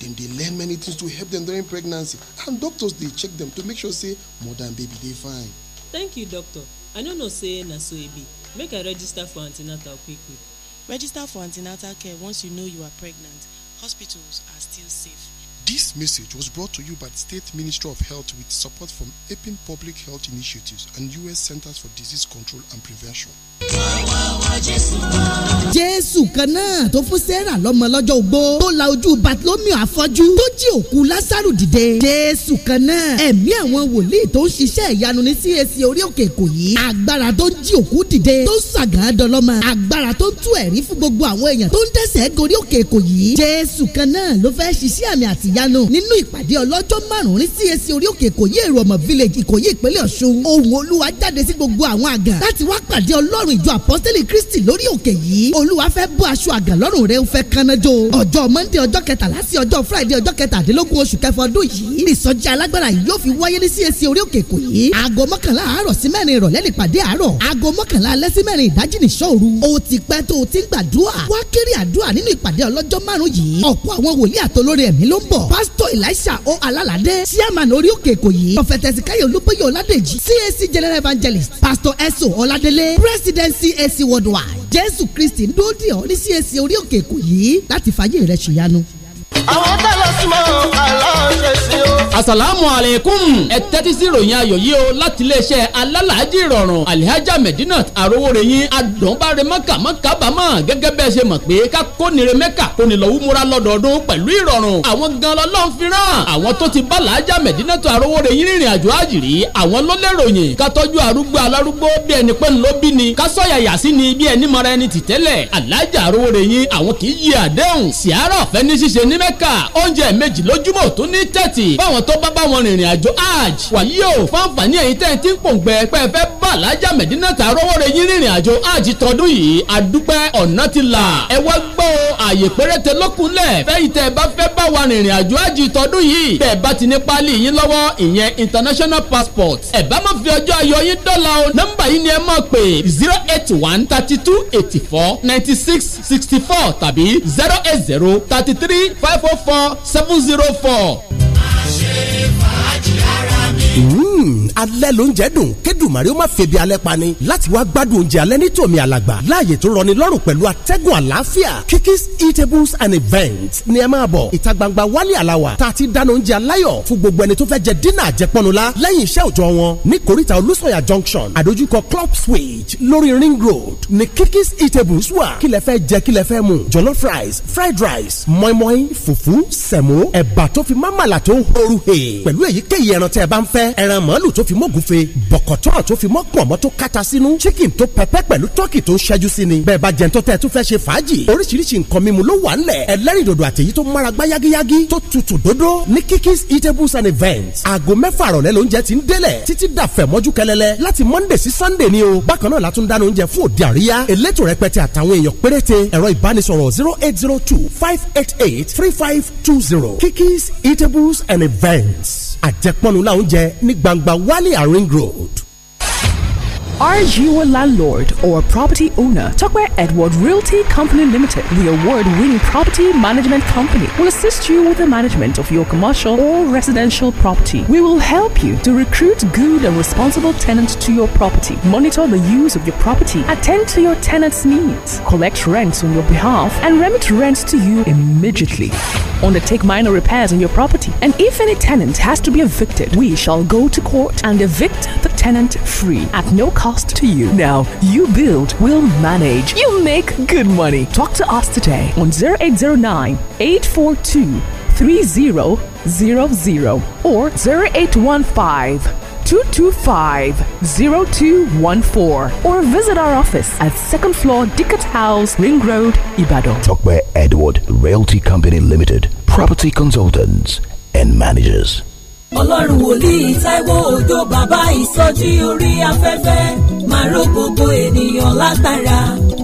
dem dey learn many things to help dem during pregnancy and doctors dey check dem to make sure say mother and baby dey fine. thank you doctor i no know say na so e be make i register for an ten atal quick quick. register for an ten atal care once you know you are pregnant hospitals are still safe. This message was brought to you by the State Ministry of Health with support from APIN Public Health Initiatives and U.S. Centers for Disease Control and Prevention jésù kan náà tó fún sarah lọ́mọ lọ́jọ́ ogbó tó la ojú bartolomeo afọ́jú tó jí òkú lásàrò dìde jésù kan náà ẹ̀mí àwọn wòlíì tó ń ṣiṣẹ́ ìyanu ní CAC orí òkè èkó yìí agbára tó ń jí òkú dìde tó ń sàgán dọlọ́mọ agbára tó ń tú ẹ̀rí fún gbogbo àwọn èèyàn tó ń tẹ̀sẹ̀ gorí òkè èkó yìí jésù kan náà ló fẹ́ ṣiṣẹ́ àmì àtìyanu nínú ìpàdé ọlọ́jọ́ márùn-ún ní CAC orí òkè èkó yìí èrò ọmọ village ìkòyí ìpínlẹ̀ ọ̀ṣun ohùn olúwa jáde sí gbogbo àwọn àgàn láti wá pàdé ọlọ́run ọlọ́run ìjọ àpọ́sítélì kristi lórí òkè yìí olúwa fẹ́ bọ́ aṣọ àgàlọ́rùn rẹ̀ ó fẹ́ kánájó ọjọ́ mọ́ndé ọjọ́ kẹtàlá sí ọjọ́ friday ọjọ́ kẹtàdínlógún oṣù kẹfọ ọdún yìí ìsọjí alágbára yìí yóò fi wáyé ní csc orí òkè èkó yìí aago mọ́kànlá àárọ̀ sí mẹ́rin ìrọ̀lẹ́ nípàdé àárọ̀ aago mọ́kànlá alẹ́ sí mẹ́rin ìdájí nìṣọ́ọ̀rù o ti pẹ́ tó o ti ń gbàdúrà wá kéré àdúrà nínú ìpàdé ọlọ́jọ́ márùn yìí ọ̀pọ̀ àwọn wòlíì àtolórí ẹ̀mí ló ń bọ̀ pásítọ̀ elisha o alálàdé chairman orí òkè èkó yìí ọ̀fẹ̀tẹ̀síkáyọ̀ olúbóyè ọládèjì csc general evangelist pásítọ̀ eso ọládélé president Christian CAC worldwide Jésù Kristi ń dúró dìọ̀ ní CAC orí òkè èkó yìí láti fàyè rẹ̀ ṣèyanu. àwọn tá a lọ sí àlọ́ ṣe sí asalaamu aleykum ẹ tẹ́tí sí ìròyìn ayọ̀ yìí o láti iléeṣẹ́ alálàájì ìrọ̀rùn alihaja medinat arowóreyin adùnbáre mọ́kàmọ́kàbámọ́ gẹ́gẹ́ bẹ́ẹ̀ ṣe mọ̀ pé ká kónire mẹ́kà kónilọ̀ wúmúra lọ́dọọdún pẹ̀lú ìrọ̀rùn àwọn gan lọ́lọ́ ń fìràn àwọn tó ti bàlájà medinat arowóreyin rìnrìn àjò àjìrí àwọn ló léròyìn ká tọ́jú arúgbó alárúgbó bí ẹni pé ńlọ bí ni ká sọ̀yàyà sí ni bí ẹni mọ̀ra ẹni tì tẹ́lẹ̀ alájà arowóreyin àwọn kì í yí àdéhùn sìárà fáwọn tó bá bá wọn rìnrìn àjò hajj wàyí o fáǹfààní ẹ̀yin tẹ́ ẹ ti ń pòǹgbẹ pé ẹ fẹ́ bá làájá mẹ̀dínà tà rówó rẹ̀ yín rìnrìn àjò hajj tọdún yìí àdúpẹ́ ọ̀nà ti là ẹ wá gbọ́ àyè péréte lókunlẹ̀ fẹ́yìn tẹ́ ẹ bá fẹ́ bá wa rìnrìn àjò hajj tọdún yìí bẹ́ẹ̀ bá ti ní pálí yín lọ́wọ́ ìyẹn international passport ẹ bá má fi ọjọ́ ayọ̀ yín dọ́là o nọ́mbà yìí ni ẹ máa pè zero eight one thirty two eighty four ninety six sixty four tàbí zero eight zero thirty three five four four seven zero four. Ooh. Hmm, alẹ́ ló ń jẹ́ dùn kédùn màrí ó má febi alẹ́ pani láti wá gbádùn oúnjẹ alẹ́ ní tòmí alàgbà láàyè tó rọni lọ́rùn pẹ̀lú atẹ́gùn àlàáfíà kikis eatables and events ni ẹ máa bọ̀ ìta gbangba wálé àlàwà tá a ti dáná oúnjẹ aláyọ̀ fún gbogbo ẹni tó fẹ́ jẹ dínà àjẹpọ́nula lẹ́yìn iṣẹ́ òjọ́ wọn ní koríta olúsọ̀yà junction àdójúkọ club switch lórí ring road ní kikis eatables wà kílẹ̀ fẹ́ jẹ kílẹ̀ fẹ́ mu jollof rice fried rice mọ́ínmọ́ín fùfú sẹ̀mó ẹ̀bà tó fi mámàlà tó ń horu hè pẹ̀lú èyíkéyìí ẹran tẹ́ ẹ bá ń fẹ́ ẹran màálù tó fi mọ́gùnfe bọ̀kọ̀tọ́rọ̀ tó fi mọ́ pọ̀nmọ́ tó kàtà sínú chicken tó pẹpẹ pẹ̀lú tọ́kì tó ṣẹ́jú sí ni bẹ́ẹ̀ bá jẹun tẹ́ ẹ tún fẹ́ ṣe fàájì oríṣiríṣi nǹkan mímu ló wà ńlẹ̀ ẹlẹ́rìndòdò àtẹ̀yí tó mára gbá yágíyágí tó tutù dódó ní kikis eatables and events aago mẹ́fà àrọ̀lẹ́ lóúnjẹ ti ń délẹ̀ títí dàfẹ́ mọ́jú kẹlẹ́lẹ́ láti monday sí kikis eatables and events àjẹpọ́nu láwọn jẹ ní gbangba wálé àring road Are you a landlord or property owner? Tuckware Edward Realty Company Limited, the award winning property management company, will assist you with the management of your commercial or residential property. We will help you to recruit good and responsible tenants to your property, monitor the use of your property, attend to your tenants' needs, collect rents on your behalf, and remit rents to you immediately. Undertake minor repairs on your property, and if any tenant has to be evicted, we shall go to court and evict the tenant free at no cost cost to you. Now, you build, we'll manage, you make good money. Talk to us today on 0809 842 3000 or 0815 225-0214 or visit our office at second floor Dickett House Ring Road Ibadan. Talk by Edward Realty Company Limited, property consultants and managers. ọlọ́run wòlíì táíwò òjò bàbá ìsọjí orí afẹ́fẹ́ máa ró gbogbo ènìyàn látara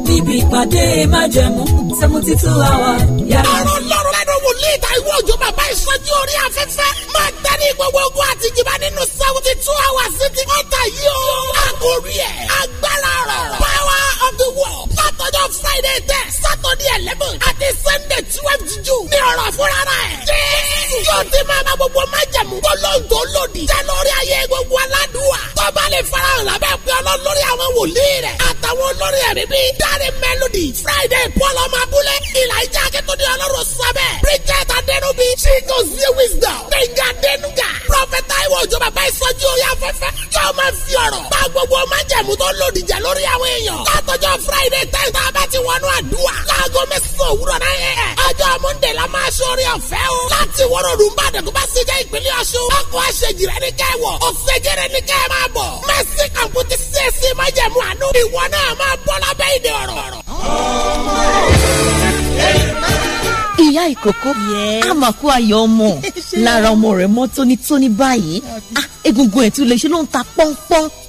níbi ìpàdé májẹ̀mú seventy two hours yàrá. ọlọ́run lẹ́nu wòlíì táíwò òjò bàbá ìsọjí orí afẹ́fẹ́ máa tẹ́lẹ̀ gbogbo ogun àti ìjìbá nínú seventy two hours sí ti ọ̀tà yìí o. àkórí ẹ̀ agbára rẹ̀ power of the world látọjọ́ friday tẹ̀ saturday eleven àti sunday twelve june ní ọ̀rọ̀ fúnra rẹ̀. jésù yóò ti máa bá gbogbo májẹ̀ ọlọ́run tó lòdì jẹ́ lórí ayé gbogbo aládùúwà tọ́ba lè fara hàn lábẹ́ pé ọlọ́run lórí àwọn wòlíì rẹ̀ àtàwọn olórí ẹ̀rí bíi dáre melody friday paul ọmọ abúlé ìlàjà akẹ́kọ̀ọ́dé ọlọ́run sábẹ́ bridget adẹnubi chico zi wisdom gbẹ̀ngà dẹnuga prophet taiwo ìjọba afẹ́fẹ́ yóò máa fi ọ̀rọ̀ bá gbogbo májẹ̀mú tó lòdì lórí àwọn èèyàn. látọjọ́ friday ten tá a bá ti wọnú àdúrà láago mẹ́sàn-án òwúrọ̀ náà yẹ ọjọ́ monday la máa sọrí ọ̀fẹ́ o. láti wọ́rọ̀ ọdún bá dẹ̀kú bá sí jẹ́ ìpínlẹ̀ ọ̀ṣun. ọkọ̀ àṣejì rẹ̀ kẹ́ wọ̀ òṣèjì rẹ̀ kẹ́ máa bọ̀. mẹ́sì ìyá ìkókó àmàkù ayọ̀ ọmọ [LAUGHS] lára ọmọ rẹ̀ mọ́ tónítóní báyìí egungun ẹ̀ tí o lè ṣe ló ń ta pọ́npọ́n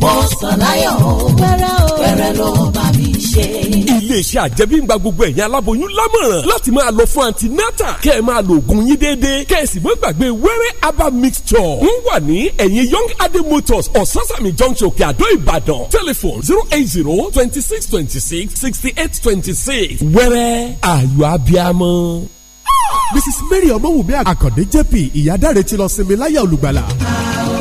mo sọ láyọ̀ o pẹrẹ o iléeṣẹ́ àjẹmíngba gbogbo ẹ̀yin aláboyún lámọ̀ràn láti máa lọ fún antinata kẹ́ ẹ máa lo oògùn yín déédéé kẹ́ ẹ sì mọ́ gbàgbé wẹ́rẹ́ aba mixture ń wà ní ẹ̀yìn young adé motors ososami junction kíadó ìbàdàn telephone zero eight zero twenty six twenty six sixty eight twenty six wẹ́rẹ́ ayọ̀ abiamọ. Mrs Mary Ọmọwùmí Àkàndé JP ìyá dáre ti lọ sinmi láyà olùgbàlà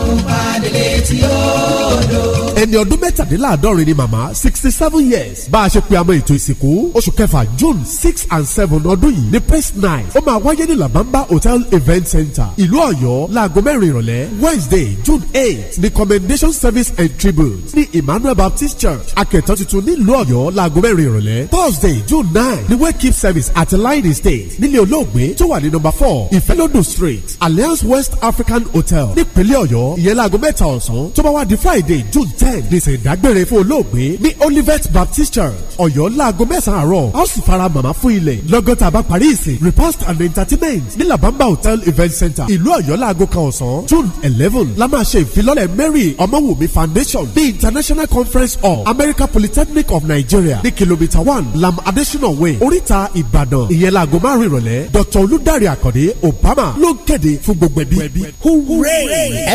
ọlọ́run bá délé tí ó dò. ẹni ọdún mẹ́tàdínláàdọ́rin ni màmá sixty seven years bá a ṣe pe àmọ́ ètò ìsìnkú oṣù kẹfà June six and seven ọdún yìí ní press night ó máa wáyé ní Labamba Hotel Event Center ìlú Ọ̀yọ́ láago mẹ́rin ìrọ̀lẹ́ Wednesday June eight ní commendation service and tribute ní Emmanuel Baptist Church akẹtọ tuntun nílùú Ọ̀yọ́ láago mẹ́rin ìrọ̀lẹ́ Thursday June nine ní wake up service at line State. nílé olóògbé tó wà ní number four Ìfẹ́lódùn street Alliance West African Hotel nípínlẹ̀ Ọ̀yọ́ ìyẹn láago mẹ́ta ọ̀sán tó bá wá di friday june ten ní ìṣèdágbére fún olóògbé ní olivet baptist church ọ̀yọ́ láago mẹ́sàn-án àárọ̀ a ó sì fara màmá fún ilẹ̀ lọ́gọ́ta bá parí ìsìn repast and entertainment ní labamba hotel event center ìlú ọ̀yọ́ láago kan ọ̀sán june eleven la máa ṣe ìfilọ́lẹ̀ mary ọmọwùmí foundation The international conference hall america polytechnic of nigeria ní kìlómítà one lam adesina way oríta ìbàdàn ìyẹn láago márùn ìrọ̀lẹ́ dr olùdarí àkàndé obama ló ń kéde fún gbogbo ẹbí.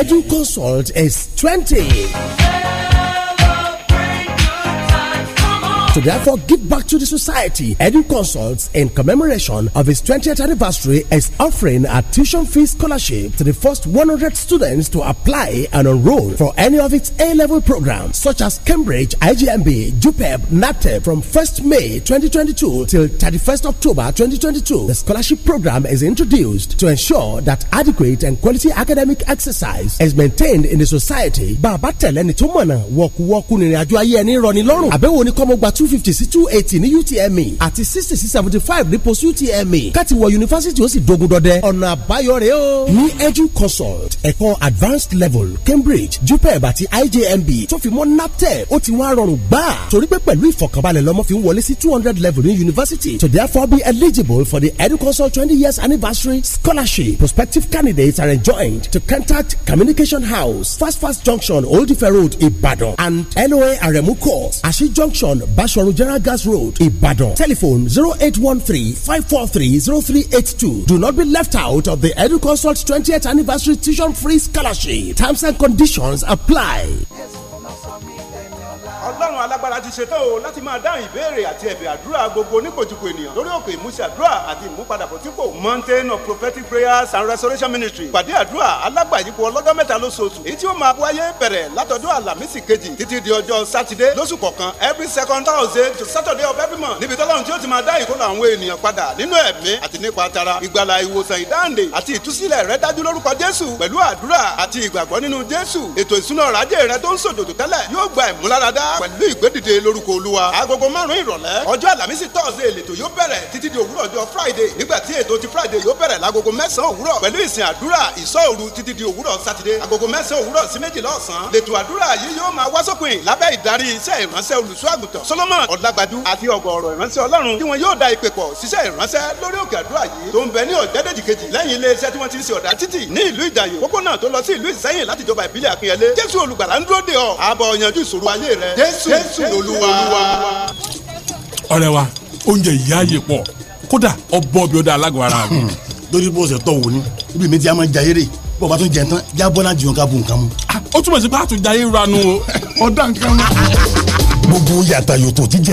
edu consult is 20. to therefore give back to the society. Edu Consults, in commemoration of its 20th anniversary, is offering a tuition fee scholarship to the first 100 students to apply and enroll for any of its A level programs, such as Cambridge, IGMB, JUPEB, NAPTEP, from 1st May 2022 till 31st October 2022. The scholarship program is introduced to ensure that adequate and quality academic exercise is maintained in the society. Bàbá tẹ̀lẹ́ni tó mọ̀nà wọ̀kúwọ́kú ni ayé ẹni rọ̀ ní lọ́rùn. Àbẹ̀wò ni lorun abewo ni two fifty sí two eighty ní UTME àti sixty sí seventy five ní post UTME káti wọ yunifásitì ó sì dogun dọdẹ ọ̀nà àbáyọ rèé o. ní edu consult ẹ̀kọ́ advanced level Cambridge JUPEB àti IJMB tó fi mọ́ NAPTEP ó ti wá rọrùn gbà torí pé pẹ̀lú ìfọ̀kànbalẹ̀ lọ́mọ fi ń wọlé sí two hundred level ní yunifásitì to therefore be eligible for the edu consult twenty years anniversary scholarship prospective candidates are enjoined to contact communication house fast fast junction Old Ife Road Ibadan and LOA Aremu course Ashi junction Bash Asoro General Gas Road, Ibadan. Telephone 0813-543-0382. Do not be left out of the EduConsult 20th Anniversary Tuition Free Scholarship. Terms and conditions apply. ọlọ́run alágbára ti ṣetán o láti máa dáhùn ìbéèrè àti ẹ̀bẹ̀ àdúrà gbogbo oníkojúko ènìyàn lórí òkè ìmúṣẹ àdúrà àti ìmúpadàbọ̀ tí kò. mountain of prophetic prayers and restoration ministry pàdé àdúrà alágbàyípo ọlọ́jọ́ mẹ́ta lóṣooṣù èyí tí ó máa wáyé bẹ̀rẹ̀ látọjọ́ àlàmísì kejì títí di ọjọ́ sátidé lóṣù kọ̀ọ̀kan every second thursday to saturday of every month níbi tọ́lọ́run tí ó ti máa dá ìkólọ àwọn ènìyàn padà nínú ẹ̀mí àti nípa tara ìgbàlà ìwòsàn ìdáǹdè àti ìtúsílẹ̀ rẹ dájú lórúkọ jésù pẹ̀lú àdúrà àti ìgbàgbọ́ nínú jésù ètò ìsúná ọ̀rọ̀ ajé rẹ tó ń sòdòdò tẹ́lẹ̀ yóò gba ìmúláradá mẹ́ta pẹ̀lú ìgbédìde lórúkọ olúwa agogo márùn-ún ìrọ̀lẹ́ ọjọ́ àlàmísì tọ́sídẹ̀ẹ́ èlètò yóò bẹ̀rẹ̀ títí di òwúrọ̀ ọjọ́ friday nígbà tí ètò ti friday yóò bẹ̀rẹ̀ lágogo mẹ́sàn-án òwúrọ̀ pẹ̀lú ìsìn àdúrà ìsọ̀òru títí di òwúrọ̀ sátidé agogo mẹ́sàn-án òwúrọ̀ sí méjìlá ọ̀sán lètò àdúrà yìí yóò máa wá sópin lábẹ́ ìdarí iṣẹ́ ìránṣẹ́ olùṣọ́àgùtàn solomon ọ̀làgbàdú àti ọ̀gọ̀ọ̀rọ̀ ìránṣẹ́ ọlọ́run tí wọn yóò da ìpè pọ̀ ṣiṣẹ́ ìránṣẹ́ lórí òkè àdúrà yìí tó ń bẹ ní ọ̀jẹ́dẹ́jì kejì lẹ́yìn ilé iṣẹ́ tí wọ́n ti ń ṣe ọ̀dà títì ní ìlú ìjàyè pópónà tó lọ sí ìlú ìsẹ́yìn láti ìjọba ìbílẹ̀ àkínyẹlé jésù olùgbàlà ń dúró de ọ àbọ̀ ọ̀yànjú ìṣòro ayé rẹ jésù lolúwa. ọ̀rẹ́ wa oúnjẹ ìyá yìí pọ̀ kódà ọbọ̀ bí ó dá alágọ̀ ara mi. Hmm. lórí bó ṣe tọ̀ wò ni ibi mi ti a máa ja eré bó o bá tún jẹ tán já bọ́lá jiyàn ká bu nǹkan mu. Ah, ó túmọ̀ sí pé a tún ja eré ranu o. ọ̀dà nǹkan mu. gbogbo yàtọ̀ yòtò ti jẹ